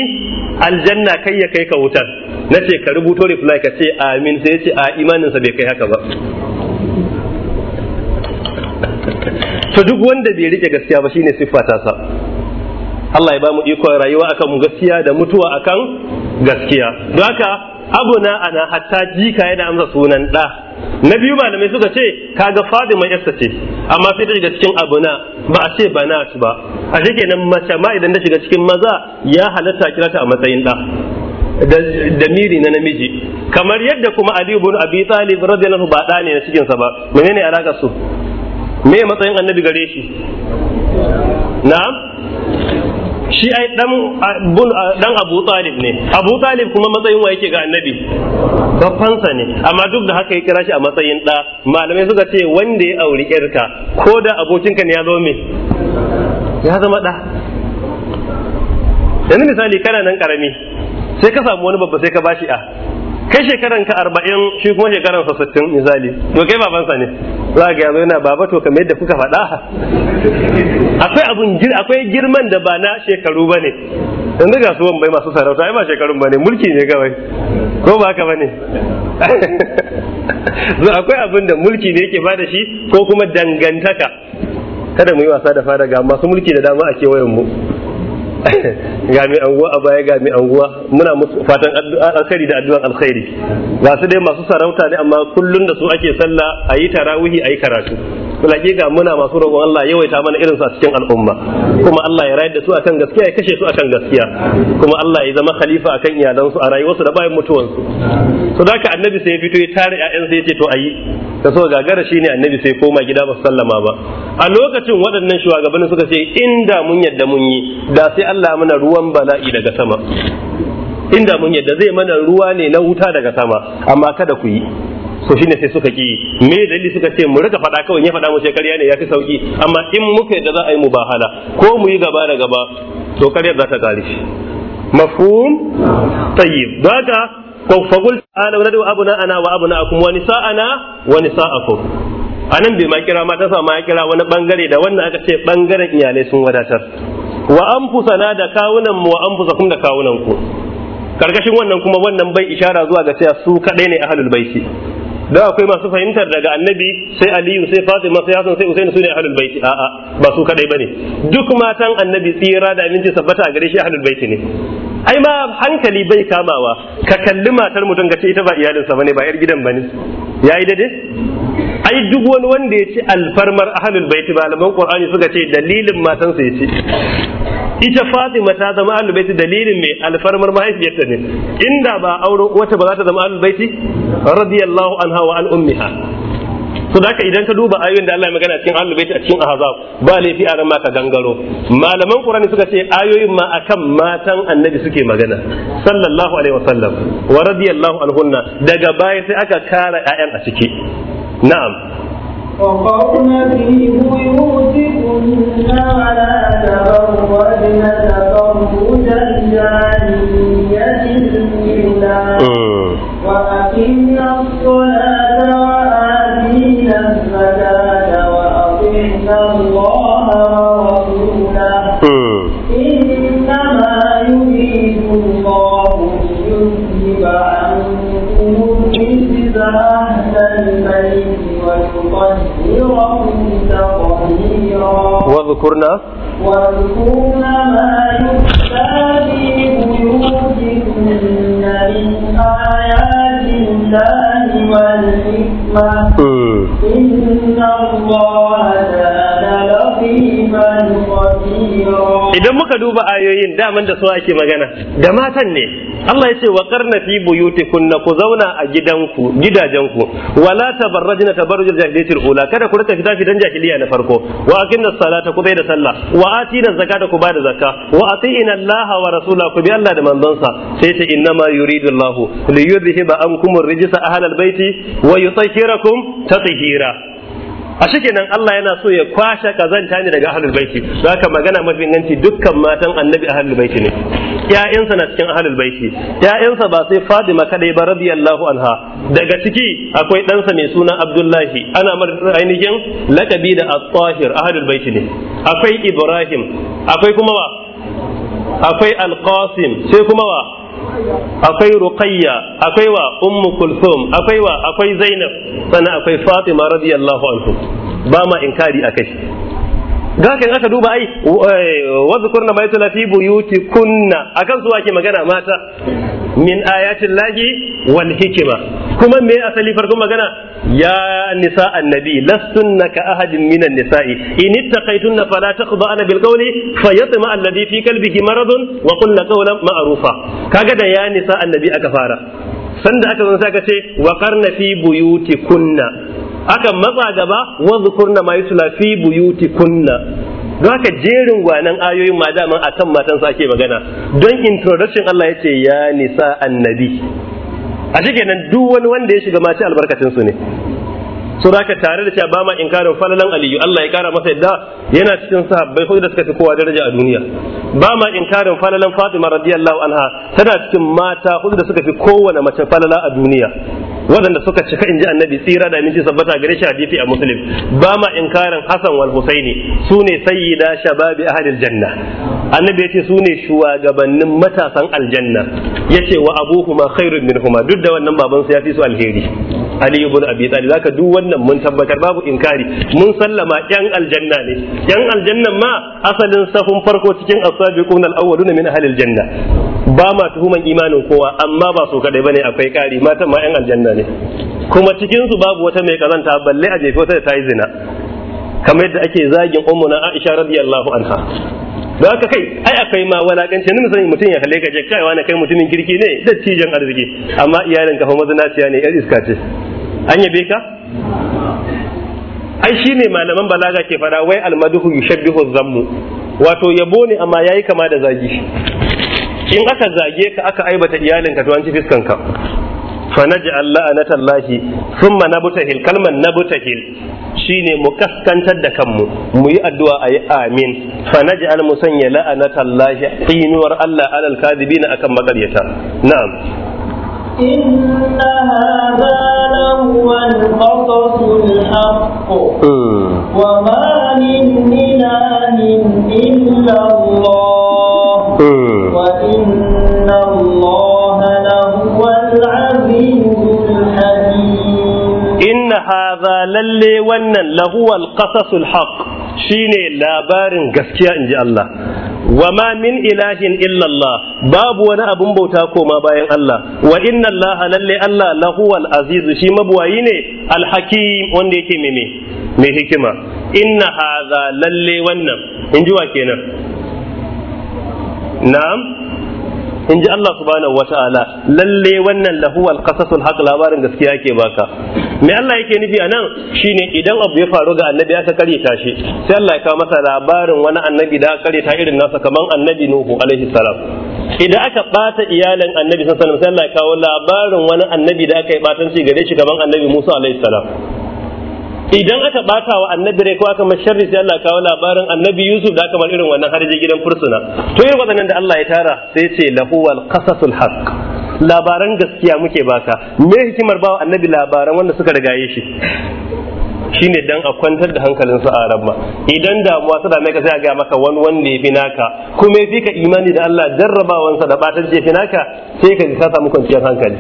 aljanna kai ya kai ka wutar na ce ka rubuto reply ka ce amin sai ya ce a imaninsa bai kai haka ba to duk wanda bai rike gaskiya ba shine siffa sa Allah ya ba mu ikon rayuwa akan gaskiya da mutuwa akan gaskiya don haka abuna ana hatta jika yana amsa sunan ɗa na biyu malamai suka ce kaga fadima yarsa ce amma sai ta shiga cikin abuna ba a ce bana su ba a kenan mace ma idan ta shiga cikin maza ya halatta kira ta a matsayin ɗa da miri na namiji kamar yadda kuma Ali ibn Abi Talib radiyallahu ba ɗa ne na cikin sa ba menene alakar su me matsayin annabi gare shi na'am shi ai dan dan Abu Talib ne Abu Talib kuma matsayin wa yake ga annabi baffansa ne amma duk da haka ya kira shi a matsayin da malamai suka ce wanda ya auri yarka ko da abokinka ne ya zo me ya zama da yanzu misali kana nan karami sai ka samu wani babba sai ka bashi a kai shekaran ka arba'in shi kuma shekaran sa misali to kai babansa ne za ga yazo yana baba to kamar yadda kuka faɗa akwai abun akwai girman da ba na shekaru bane yanzu ga su bai masu sarauta ai ba shekarun bane mulki ne kawai ko ba haka bane akwai abun da mulki ne yake bada shi ko kuma dangantaka kada mu yi wasa da fara ga masu mulki da dama a kewayen mu ga mai anguwa a baya ga mai anguwa muna musu fatan alkhairi da addu'an alkhairi ga su dai masu sarauta ne amma kullun da su ake sallah a yi tarawihi a yi karatu ga muna masu roƙon Allah yawaita mana irin a cikin al'umma kuma Allah ya rayar da su akan gaskiya ya kashe su akan gaskiya kuma Allah ya zama khalifa akan iyalansu a rayuwarsu da bayan mutuwansu to da annabi sai ya fito ya tare ƴaƴan sai ya ce to ayi ka so gagara shine annabi sai koma gida ba su sallama ba a lokacin waɗannan shugabannin suka ce inda mun yadda mun yi da sai Allah mana ruwan bala'i daga sama inda mun yadda zai mana ruwa ne na wuta daga sama amma kada ku yi so shine sai suka ki me dalili suka ce mu rika faɗa kawai ya fada mu sai ƙarya ne ya fi sauki amma in muka yadda za a yi mu bahala ko mu yi gaba da gaba to ƙaryar za ta kare shi mafhum tayyib daga ko fagul ta'ala wa nadu abuna ana wa abuna akum wa nisa'ana wa nisa'akum anan bai ma kira ma sa ma kira wani bangare da wannan aka ce bangaren iyalai sun wadatar wa anfusana da kawunan mu wa anfusakum da kawunan ku karkashin wannan kuma wannan bai ishara zuwa ga cewa su kadai ne ahlul baiti da akwai masu fahimtar daga annabi sai aliyu sai fatima sai hasan sai usaini sune ahlul baiti a'a ba su kadai bane duk matan annabi tsira da aminci sabbata gare shi ahlul baiti ne ai ma hankali bai kamawa ka kalli matar mutum ga ce ita ba iyalinsa bane ba yar gidan bane yayi daidai ai duk wani wanda ya ci alfarmar ahlul baiti malaman qur'ani suka ce dalilin matan sai ci ita Fatima ta zama ahlul baiti dalilin mai alfarmar mahaifiyarta ne inda ba auren wata ba za ta zama ahlul baiti radiyallahu anha wa an ummiha to da haka idan ka duba ayoyin da Allah ya magana cikin ahlul baiti a cikin ahzab ba laifi a ma ka gangaro malaman qur'ani suka ce ayoyin ma akan matan annabi suke magana sallallahu alaihi wasallam wa radiyallahu anhunna daga baya sai aka kara ayan a ciki na'am وقرن في بيوتكن ولا تبرجن تبرج الجاهلية الأولى وأقمنا الصلاة وآتينا الزكاة وأطعنا الله ورسوله واذكرنا واذكرن ما يتلى في بيوتكن من آيات الله والحكمة إن الله idan muka duba ayoyin daman da su ake magana da matan ne Allah ya ce wa karna fi na ku zauna a gidanku gidajenku wala tabarrajna tabarrujal jirgin ula kada ku rika fita fitan jahiliya na farko wa aqimna salata ku bai da sallah wa zaka da ku da zaka. wa ina Allah wa rasula ku bi Allah da manzonsa sai ta innama yuridu Allah li an ankum rijisa a halal baiti wa ta tsihira. a shi kenan Allah yana so ya kwashe kazanta ne daga ahlul baiti haka magana mafi inganci dukkan matan annabi ahlul baiti ne ƴaƴansa na cikin ahlul baiti ƴaƴansa ba sai Fadima kadai ba radiyallahu anha daga ciki akwai ɗansa mai suna Abdullahi ana mar ainihin lakabi da at-tahir ahlul baiti ne akwai Ibrahim akwai kuma wa akwai al-Qasim sai kuma wa akwai ruqayya akwai wa ummu kulthum akwai wa akwai zainab sannan akwai fatima radiyallahu anhu ba ma inkari akai ga kan aka duba ai wadhkurna eh, ma yutla buyuti kunna. akan su ake magana mata min ayatin lahi wal hikima kuma me asali farkon magana ya nisa annabi lastunna ka ahadin minan nisa'i in ittaqaytunna fala taqda'na bil qawli fayatma alladhi fi qalbihi maradun wa qulna qawlan ma'rufa kaga da ya nisa annabi aka fara sanda aka zo sai aka ce wa qarna fi kunna. aka matsa gaba wa zukurna ma yusla fi buyutikunna don haka jerin gwanan ayoyin ma daman akan matan sa ake magana don introduction Allah ya ce ya nisa annabi a cikin nan duk wani wanda ya shiga ma ci albarkacin su ne so da haka tare da cewa ba ma inkarin falalan aliyu Allah ya kara masa yadda yana cikin sahabbai ko da suka fi kowa daraja a duniya ba ma inkarin falalan Fatima radiyallahu anha tana cikin mata ko da suka fi kowane mace falala a duniya waɗanda suka cika in ji annabi tsira da aminci sabbata gare shi hadisi a muslim ba ma inkarin hasan wal husaini su ne sayyida shababi ahlil janna annabi ce su ne shugabannin matasan aljanna yace wa abuhuma khairun minhuma duk da wannan baban su fi su alheri Ali ibn Abi Talib zaka duk wannan mun tabbatar babu inkari mun sallama yan aljanna ne yan aljanna ma asalin safun farko cikin as-sabiqun al-awwalun min ahli aljanna ba ma tuhuman imanin kowa amma ba so kadai bane akwai kari matan ma yan aljanna ne kuma cikin su babu wata mai kazanta balle a jefe wata da ta zina kamar yadda ake zagin ummuna Aisha radiyallahu anha da haka kai ai akwai ma walakanci nan sanin mutum ya kalle ka je kai wani kai mutumin kirki ne dattijan arziki amma iyalin kafa mazinaciya ne yar iska ce an yabe ka ai shine malaman balaga ke fada wai almaduhu yushabbihu zammu wato yabo ne amma yayi kama da zagi in aka zage ka aka aibata iyalinka to an ci fiskan ka fanaj'al anata Allahi thumma nabtahil kalman nabtahil shine mu kaskantar da kanmu mu yi addu'a ayi amin Fa al musanya anata Allahi tinuwar Allah alal kadibina akan magaryata na'am lalle wannan lahuwal ƙasasul haƙ shi ne labarin gaskiya inji Allah. wa ma min ilahin illallah babu wani abun bauta koma bayan Allah wa inna Allah lalle Allah lahu al aziz shi mabuwayi ne al hakim wanda yake meme mai hikima inna hadha lalle wannan in ji wa kenan na'am in ji Allah subhanahu ta'ala lalle wannan lahu al qasasul haq labarin gaskiya yake baka me Allah yake nufi a nan shine idan abu ya faru ga annabi aka karyata shi sai Allah ya kawo masa labarin wani annabi da aka karyata irin nasa kaman annabi Nuhu alaihi salam idan aka bata iyalin annabi sallallahu alaihi wasallam sai Allah ya kawo labarin wani annabi da aka yi batanci gare shi kaman annabi Musa alaihi salam idan aka bata wa annabi rai ko aka masharri sai Allah kawo labarin annabi Yusuf da aka bar irin wannan harje gidan fursuna to irin wannan da Allah ya tara sai ce lahu wal qasasul haqq labaran gaskiya muke baka me hikimar bawa annabi labaran wanda suka rigaye shi shine dan a kwantar da hankalin su a rabba idan damuwa ta dame ka sai a ga maka wani wanda ya fi naka kuma ya fi ka imani da Allah sa da batar ya fi naka sai ka sa samu kwanciyar hankali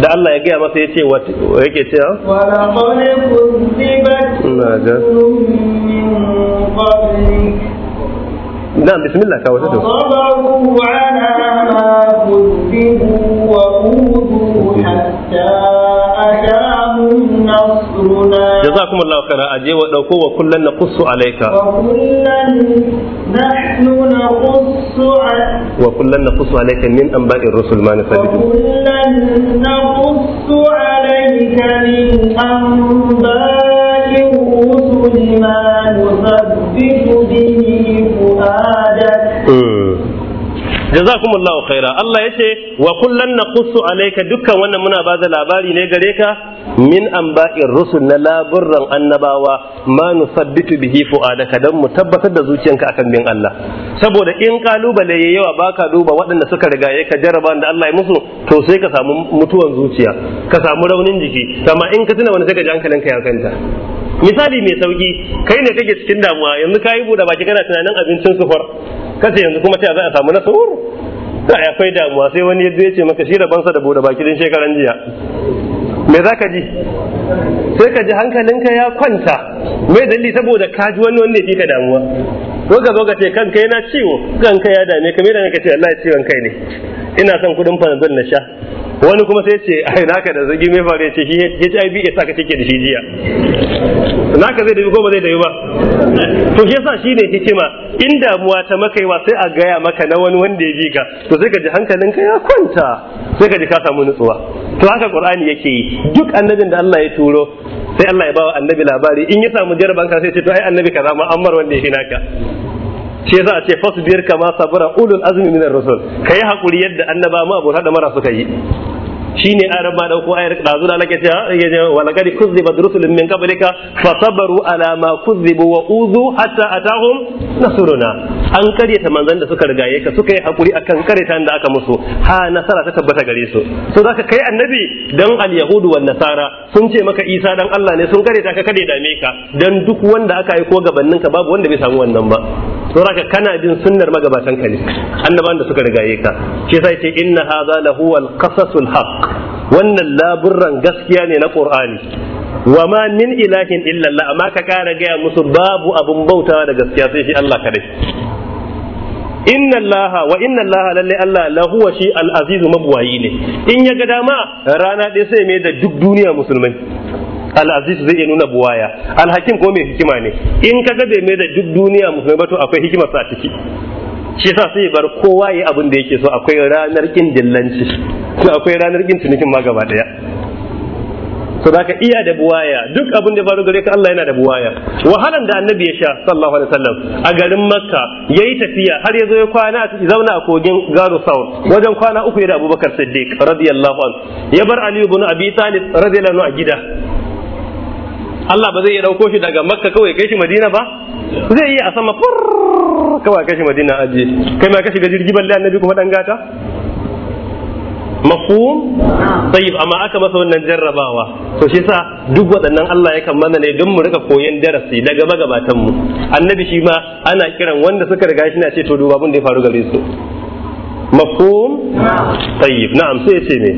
da Allah ya gaya masa ya ce yake cewa na bismillah ka wata to وقودوا حتى أتاهم نصرنا جزاكم الله خيرا أجي ودوكو وكلا نقص عليك وكلا نحن نقص وكلا نقص عليك من أنباء الرسل ما نثبت وكلا نقص عليك من أنباء الرسل ما نثبت به jazakumullahu khaira Allah yace wa kullan naqussu alayka dukkan wannan muna ba labari ne gare ka min anba'ir rusul na laburran annabawa ma nusabbitu bihi fu'adaka dan mu tabbatar da zuciyanka akan bin Allah saboda in kalubale yayi yawa baka duba waɗanda suka riga yayi ka jaraba da Allah ya musu to sai ka samu mutuwan zuciya ka samu raunin jiki amma in ka tuna wani sai ka ji hankalinka ya kanta misali mai sauki kai ne kake cikin damuwa yanzu ka yi buɗe baki kana tunanin abincin sufar kace yanzu kuma ta za a samu ta ya akwai damuwa sai wani ya ce maka shi rabansa da bude baki din shekaran jiya me za ka ji sai ka ji hankalinka ya kwanta mai dalili saboda ka ji wani wanda ka damuwa ko ka zo ka ce kanka yana ciwo kanka ya dame ka me da ka ce Allah ya ciwon kai ne ina son kudin panadol na sha wani kuma sai ce ai naka da zagi mai faru ce shi HIV ya saka take da shi jiya naka zai dabi ko ba zai dabi ba to shi yasa shine hikima in damuwa ta wa sai a gaya maka na wani wanda ya ji ka to sai ka ji hankalin ka ya kwanta sai ka ji ka samu nutsuwa to haka qur'ani yake yi duk annabin da Allah ya turo sai Allah ya ba wa annabi labari in ya samu jarabanka sai ce to ai annabi kaza ma ammar wanda ya fi naka shi yasa a ce biyar kama sabara ulul azmi minar rusul kai hakuri yadda annaba ma abu hada mara suka yi Shi ayar ma dauko ayar ɗazu da lake cewa yake wa laqad kuzzibat rusulun fasabaru alama, ma kuzzibu wa uzu hatta na nasruna an karyata manzan da suka rigaye ka suka yi hakuri akan karyata da aka musu ha nasara ta tabbata gare su so zaka kai annabi dan al yahudu wan nasara sun ce maka isa dan Allah ne sun karyata ka kada dame ka dan duk wanda aka yi ko gabanin ka babu wanda bai samu wannan ba to zaka kana bin sunnar magabatan ka ne annaban da suka rigaye ka ce sai ce inna hadha lahu al qasasul haqq wannan laburran gaskiya ne na qur'ani wa ma min ilahin illallah amma ka kara gaya musu babu abun bautawa da gaskiya sai shi Allah kadai inna Allah wa inna Allah lalle Allah lahu wa shi al-azizu mabwayi ne in ya ga dama rana ɗaya sai mai da duk duniya musulmai al-aziz zai iya nuna buwaya al-hakim ko mai hikima ne in ka ga bai mai da duk duniya musulmai ba to akwai hikima sa ciki shi yasa sai bar kowa yi abin da yake so akwai ranar kin dillanci to akwai ranar kin cinikin ma gaba daya to iya da buwaya duk abin da faru gare ka Allah yana da buwaya wahalan da annabi ya sha sallallahu alaihi wasallam a garin makka yayi tafiya har ya zo ya kwana zauna a kogin garu saur wajen kwana uku da abubakar siddiq radiyallahu anhu ya bar ali ibn abi talib radiyallahu anhu a gida Allah ba zai iya dauko shi daga makka kawai kai shi madina ba zai iya a sama kawai kai shi madina aje kai ma ka shiga jirgi balle annabi kuma dan gata mafhum tayyib amma aka masa wannan jarrabawa to shi yasa duk waɗannan Allah ya mana ne don mu rika koyon darasi daga magabatan mu annabi shi ma ana kiran wanda suka riga shi na ce to duba abin da ya faru gare su mafhum tayyib na'am sai ya ce ne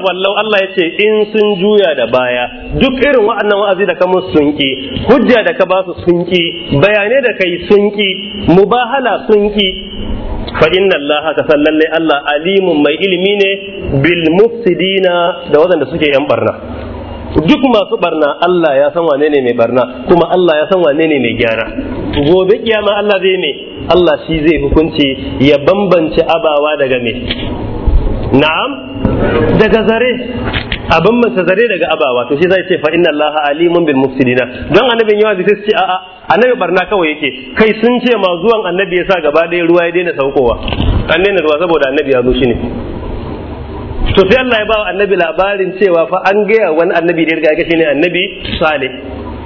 wallau Allah ya ce in sun juya da baya duk irin wa'annan wa'azi da kamar sun ki hujja da ka basu sun ki bayanai da kai sun ki mubahala sun ki fa inna Allah ka san Allah alimun mai ilimi ne bil mufsidina da wadanda suke yan barna duk masu barna Allah ya san wane ne mai barna kuma Allah ya san wane ne mai gyara gobe kiyama Allah zai ne Allah shi zai hukunci ya bambance abawa daga me na'am daga zare a bambance zare daga abawa to shi zai ce fa inna Allah alimun bil mufsidina don annabin yawa zai ce a'a annabi barna kawai yake kai sun ce ma zuwan annabi yasa gaba ɗaya ruwa ya daina saukowa an daina ruwa saboda annabi ya zo shi ne to sai Allah ya ba annabi labarin cewa fa an gaya wani annabi da ya riga shine annabi Salih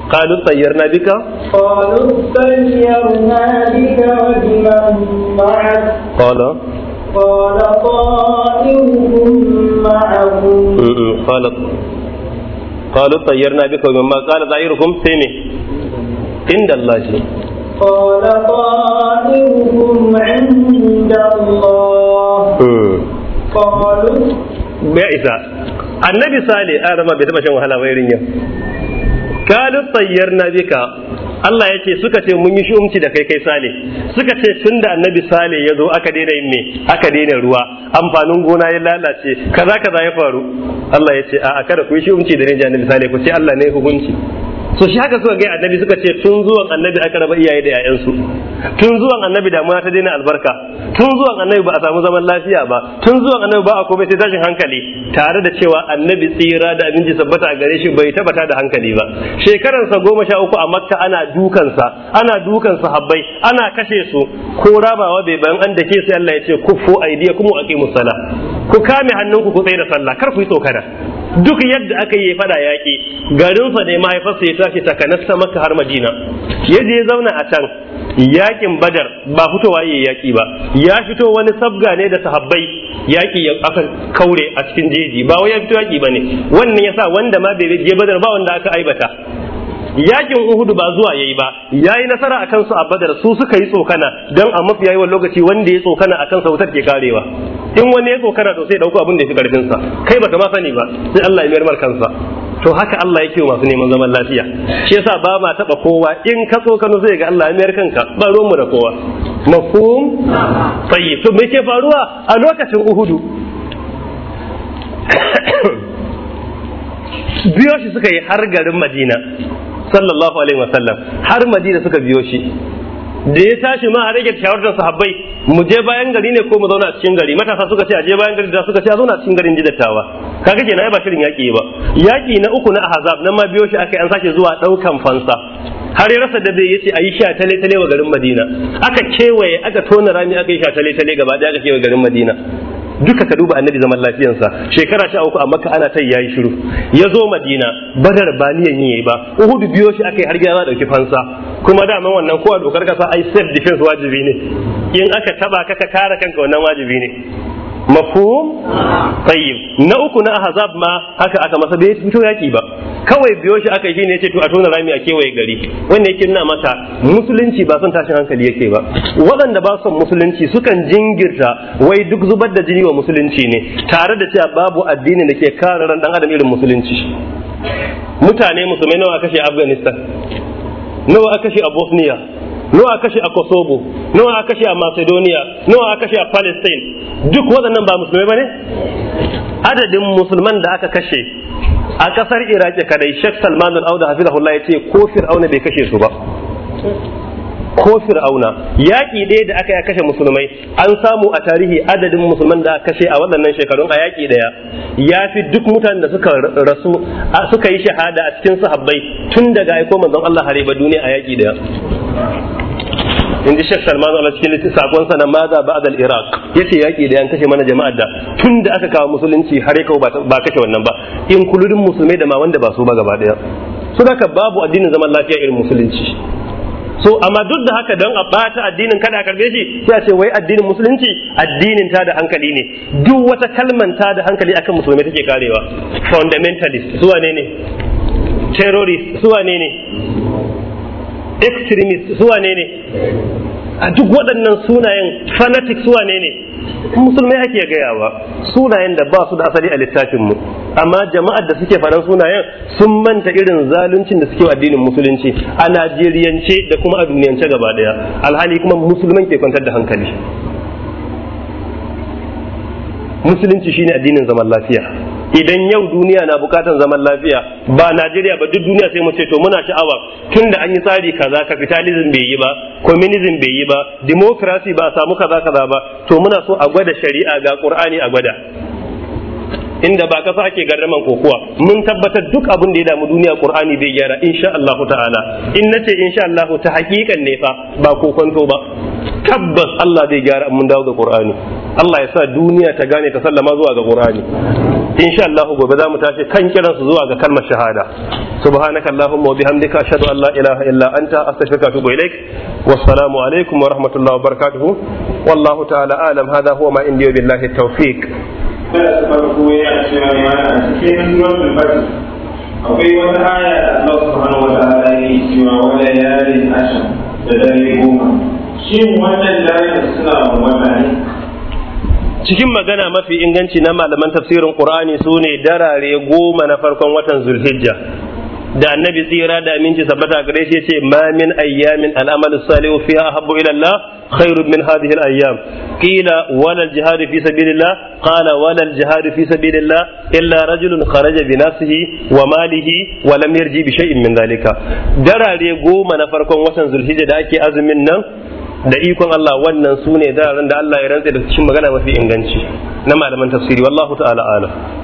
قالوا طيرنا بك قالوا طيرنا بك وبمن معك قال قال طائركم معكم قال قالوا طيرنا بك وبمن معك قال طائركم سيمي عند الله قال طائركم عند الله قالوا ya isa annabi sale a rama bai taba shan wahala ba irin yau kalu tsayyar bika Allah ya ce suka ce mun yi shumci da kai kai sale suka ce tun da annabi sale ya zo aka daina yin me aka daina ruwa amfanin gona ya lalace kaza kaza ya faru Allah ya ce a'a kada ku yi shumci da ni annabi sale ku ce Allah ne hukunci so shi haka suka gaya annabi suka ce tun zuwan annabi aka raba iyaye da yayansu tun zuwan annabi damuwa ta daina albarka tun zuwan annabi ba a samu zaman lafiya ba tun zuwan annabi ba a komai sai tashin hankali tare da cewa annabi tsira da abinci sabbata a gare shi bai tabbata da hankali ba Shekaran sa goma sha uku a makka ana dukansa ana dukan sahabbai ana kashe su ko rabawa bai bayan an dake sai Allah ya ce kufu aidiyakum wa aqimus sala ku kame hannunku ku tsaye da sallah kar ku yi tsokana duk yadda aka yi fada yaƙi garinsa ne mahaifarsa ya tashi takanasta maka har madina ya je zauna a can yaƙin badar ba fitowa ya yaƙi ba ya fito wani sabga ne da sahabbai yaƙi ya aka kaure a cikin jeji ba wai ya fito yaƙi ba ne wannan ya sa wanda ma bai je badar ba wanda aka aibata yakin Uhudu ba zuwa yayi ba yayi nasara akan su a Badar su suka yi tsokana dan a mafi yawan lokaci wanda ya tsokana akan sa wutar ke karewa in wani ya tsokana to sai dauko abin da ya karfin sa kai baka ma sani ba sai Allah ya mayar mar kansa to haka Allah yake wa masu neman zaman lafiya shi yasa ba ma taba kowa in ka tsokano zai ga Allah ya mayar kanka ba ruwan mu da kowa mafhum tayyib to me ke faruwa a lokacin Uhudu biyo shi suka yi har garin Madina sallallahu alaihi wasallam har madina suka biyo shi da ya tashi ma har yake shawartar sahabbai mu je bayan gari ne ko mu zauna a cikin gari matasa suka ce a je bayan gari da suka ce a zauna a cikin garin jidattawa kaga kenan ai ba shirin yaki ba yaki na uku na ahzab nan ma biyo shi akai an sake zuwa daukan fansa har ya rasa da bai yace ayi sha tale tale wa garin madina aka kewaye aka tona rami aka yi sha tale tale gaba daya aka kewaye garin madina duka ka duba annabi zaman lafiyansa shekara sha uku a makka ana ta yayi shiru ya zo madina badar ba niyan yi ba uhudu biyo shi akai har gida dauki fansa kuma dama wannan kowa dokar kasa ai self defense wajibi ne in aka taba ka ka kare kanka wannan wajibi ne mafhum tayyib na uku na ahzab ma haka aka masa bai fito yaki ba kawai biyo shi aka yi ne yace to a tona rami a kewaye gari wanda yake nuna mata musulunci ba son tashin hankali yake ba waɗanda ba son musulunci sukan jingirta wai duk zubar da jini wa musulunci ne tare da cewa babu addini da ke kare ran dan adam irin musulunci mutane musulmai nawa kashe afghanistan nawa kashe a bosnia nawa a kashe a kosovo nawa a kashe a macedonia nawa a kashe a palestine duk waɗannan ba musulmai ba ne adadin musulman da aka kashe a ƙasar iraki kadai sheikh salman al-auda hafizahullah ya ce ko fir'auna bai kashe su ba ko fir'auna yaƙi ɗaya da aka ya kashe musulmai an samu a tarihi adadin musulman da aka kashe a waɗannan shekarun a yaƙi ɗaya ya fi duk mutanen da suka rasu suka yi shahada a cikin sahabbai tun daga aiko manzon Allah ba duniya a yaƙi ɗaya in ji Sheikh Salman Allah cikin sakon sa na maza ba'd al-Iraq yace yaki da yan kashe mana jama'ar da tun da aka kawo musulunci har kawo ba kashe wannan ba in kuludin musulmai da ma wanda ba su ba gaba daya Sun haka babu addinin zaman lafiya irin musulunci so amma duk da haka don a bata addinin kada a karbe shi sai a ce wai addinin musulunci addinin ta da hankali ne duk wata kalman ta da hankali akan musulmai take karewa fundamentalist zuwa ne ne terrorist zuwa ne ne extremist su wane ne a duk waɗannan sunayen fanatic su wane ne musulmai ake ba sunayen da ba su da asali a littafinmu amma jama'ar da suke faɗan sunayen sun manta irin zaluncin da suke addinin musulunci a najeriyance da kuma a duniyance gaba ɗaya alhali kuma musulman ke kwantar da hankali musulunci shine addinin zaman lafiya idan yau duniya na bukatan zaman lafiya ba Najeriya ba duk duniya sai mu ce to muna sha'awa tun da an yi tsari kaza kapitalizm bai yi ba communism bai yi ba democracy ba a samu kaza kaza ba to muna so a gwada shari'a ga Qur'ani a gwada inda ba kasa ake gardaman kokuwa mun tabbatar duk abin da ya damu duniya qur'ani bai gyara insha Allah ta'ala in nace insha Allah ta hakikan ne fa ba kokonto ba tabbas Allah zai gyara mun dawo ga qur'ani Allah ya sa duniya ta gane ta sallama zuwa ga qur'ani insha Allah gobe za mu tashi kan kiransu zuwa ga kalmar shahada subhanaka allahumma wa bihamdika ashhadu an la ilaha illa anta astaghfiruka wa atubu ilaik wassalamu alaikum wa rahmatullahi wa barakatuh wallahu ta'ala alam hadha huwa ma indiya billahi tawfiq kada su fara koyi a cewa ne mana a cikin suratul fatih akwai wata haya da Allah su hana ta'ala ya yi cewa wala yali asham da dare goma shin wannan dare suna wata ne cikin magana mafi inganci na malaman tafsirin qur'ani su ne darare goma na farkon watan zulhijja da annabi tsira da aminci sabbata gare shi yace ma min ayyamin al'amalu salihu fiha ahabbu ila Allah khairun min hadhihi al-ayyam qila wala al-jihad fi sabilillah qala wala al-jihad fi sabilillah illa rajulun kharaja bi nafsihi wa malihi wa lam yarji bi shay'in min dhalika darare goma na farkon watan zulhijja da ake azumin nan da ikon Allah wannan sune dararen da Allah ya rantsa da cikin magana mafi inganci na malaman tafsiri wallahu ta'ala alam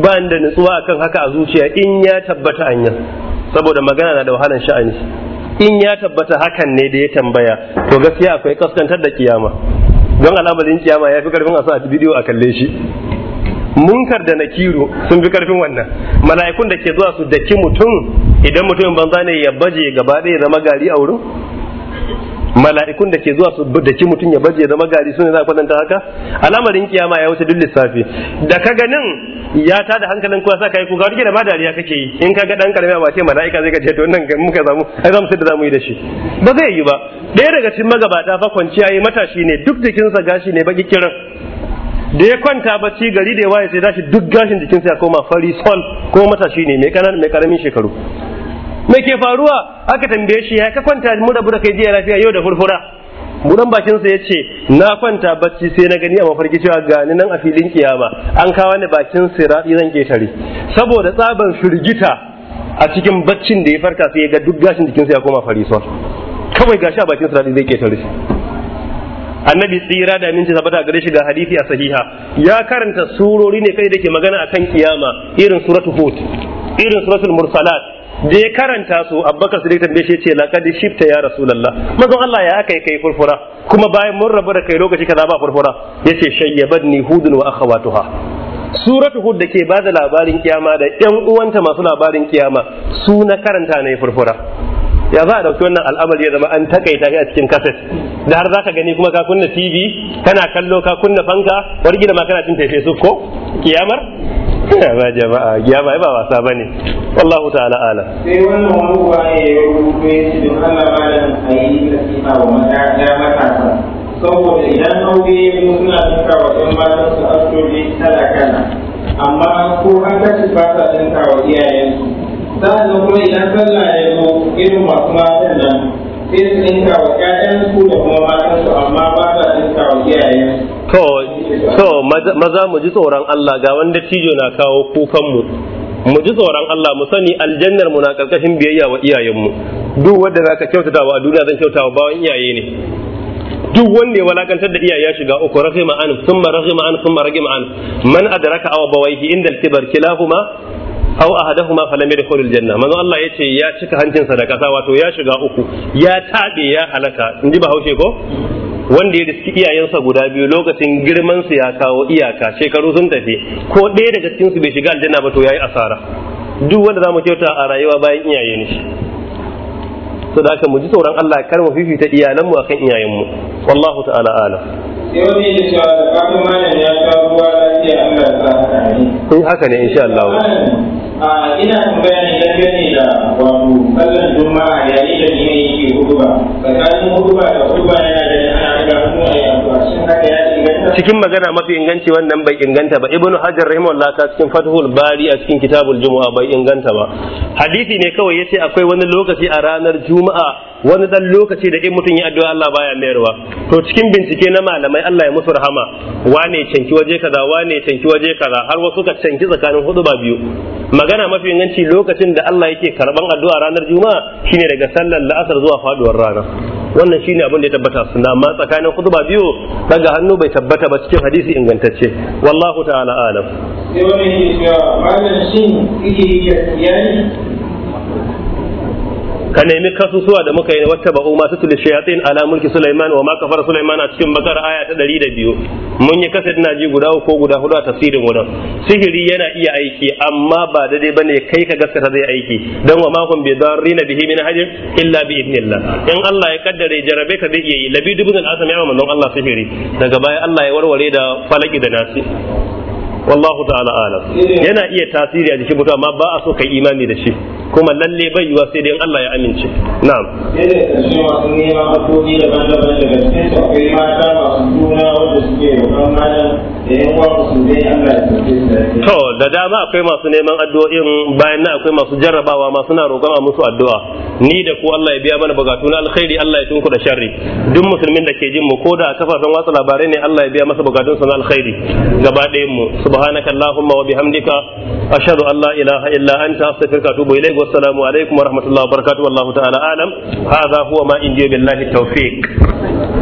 ba da nutsuwa akan haka a zuciya in ya tabbata anyan saboda magana na da wahalan sha'ani in ya tabbata hakan ne da ya tambaya to gaskiya akwai kaskantar da kiyama don al'amarin kiyama ya fi karfin a sa bidiyo a kalle shi munkar da nakiru sun fi karfin wannan mala'ikun da ke zuwa su daki mutum idan mutumin banza ne ya baje gaba ɗaya zama gari a wurin mala'ikun da ke zuwa su daki mutum ya baje zama gari sune za a kwatanta haka al'amarin kiyama ya wuce duk lissafi da ka ganin ya ta da hankalin kuwa sa kai kuka duke da ba dariya kake yi in ka ga dan karami ba ce mala'ika zai ka ce to nan muka samu ai zamu sai da zamu yi da shi ba zai yi ba daya daga cikin magabata fa kwanciya ayi matashi ne duk jikinsa gashi ne baki kiran da ya kwanta bacci gari da ya waye sai dashi duk gashin jikinsa ya koma fari sol ko matashi ne mai karamin shekaru Mai ke faruwa aka tambaye shi ya ka kwanta mu da kai jiya lafiya yau da furfura budan bakin sa ce na kwanta bacci sai na gani a mafarki cewa ni nan a filin kiyama an kawo ni bakin sirati zan ketare saboda tsaban firgita a cikin baccin da ya farka sai ya ga duk gashin jikinsa ya koma farisol kawai gashi a bakin sirati zai ketare shi annabi tsira da aminci sabata gare shi ga hadisi a sahiha ya karanta surori ne kai da ke magana akan kiyama irin suratu hud irin suratul mursalat da ya karanta su abubakar su tambaye shi ce laqad shifta ya rasu rasulullah mazan Allah ya aka kai furfura kuma bayan mun rabu da kai lokaci kaza ba furfura yace ni hudun wa akhawatuha suratu hud da ke ba da labarin kiyama da yan uwanta masu labarin kiyama su na karanta ne furfura ya za a dauki wannan al'amari ya zama an takaita shi a cikin kaset da har za ka gani kuma ka kunna tv kana kallo ka kunna fanka wargi da ma kana jin tafe su ko kiyamar ba jama'a ya bai ba wasa ba ne. wallahu ta'ala ala sai wannan wani uwa ya rubuto ya ce don Allah malam ayi nasiha wa mata matasa saboda idan aure ne suna dinka wa ɗan matan su astrobi talakana amma ko an kashi ba sa dinka wa iyayensu sa'annan kuma idan sallah ya zo irin masu matan nan sai su dinka wa ƴaƴansu da kuma matansu amma ba sa dinka wa iyayensu to to maza mu ji tsoron Allah ga wanda tijo na kawo kukan mu ji tsoron Allah mu sani aljannar mu na karkashin biyayya wa iyayenmu mu duk wanda zaka kyautata wa duniya zan kyautata wa bawan iyaye ne duk wanda ya walakantar da iyaye ya shiga uku rahima an thumma rahima an thumma rahima an man adraka aw bawaihi inda al-kibar kilahuma aw ahadahuma falam yadkhul al-janna manzo Allah yace ya cika hancinsa da kasa wato ya shiga uku ya tabe ya halaka inji bahaushe ko wanda ya riski iyayensa guda biyu lokacin girman su ya kawo iyaka shekaru sun tafi ko ɗaya daga cikin su bai shiga aljanna ba to yayi asara duk wanda zamu kyauta a rayuwa bayan iyaye ne da haka mu ji tsoron Allah kar mu fifita mu akan iyayenmu wallahu ta'ala ala sai wani ya ce da fatan malam ya sha ruwa lafiya Allah ya sa ni haka ne insha Allah a ina tambaya ne dangane da wato sallan juma'a yayin da ni ne yake hutuba tsakanin hutuba da hutuba yana da cikin magana mafi inganci wannan bai inganta ba ibnu hajar rahimahullah ta cikin fathul bari a cikin kitabul jumu'a bai inganta ba hadisi ne kawai yace akwai wani lokaci a ranar juma'a wani dan lokaci da in mutum ya addu'a Allah baya mayarwa to cikin bincike na malamai Allah ya musu rahama wane canki waje kaza wane canki waje kaza har wasu ka canki tsakanin hudu ba biyu magana mafi inganci lokacin da Allah yake karban addu'a ranar juma'a shine daga sallar la'asar zuwa faduwar rana wannan shine abin da ya tabbata sunna amma tsakanin khutba biyu daga hannu bai tabbata ba cikin hadisi ingantacce wallahu ta'ala alam sai shin yake ka nemi kasusuwa da muka yi wata bahu masu tuli shayatin ala mulki Sulaiman wa ma kafara Sulaiman a cikin bakar aya ta biyu mun yi kasa na ji guda ko guda hudu a tafsirin wurin sihiri yana iya aiki amma ba daidai ne kai ka gaskata zai aiki don wa makon bi rina bihi min hajin illa bi idnillah in Allah ya kaddare jarabe ka zai iya yi labi zan asa mai amma don Allah sihiri daga baya Allah ya warware da falaki da nasi wallahu ta'ala alam yana iya tasiri a jikin mutum amma ba a so kai imani da shi kuma lalle bai yiwa sai dai Allah ya amince na'am yadda karshe masu neman hakuri daban-daban daga cikin su akwai mata masu juna wanda suke da yan uwa musulmai Allah ya tafi to da dama akwai masu neman addu'o'in bayan na akwai masu jarrabawa masu na roƙon a musu addu'a ni da ku Allah ya biya mana bugatu na alkhairi Allah ya tunku da sharri duk musulmin da ke jin mu ko da kafafen watsa labarai ne Allah ya biya masa sa na alkhairi gaba ɗayan mu subhanaka allahumma wa bihamdika ashhadu an la ilaha illa anta astaghfiruka wa atubu ilayk wa assalamu alaikum wa rahmatullahi wa ma indiya billahi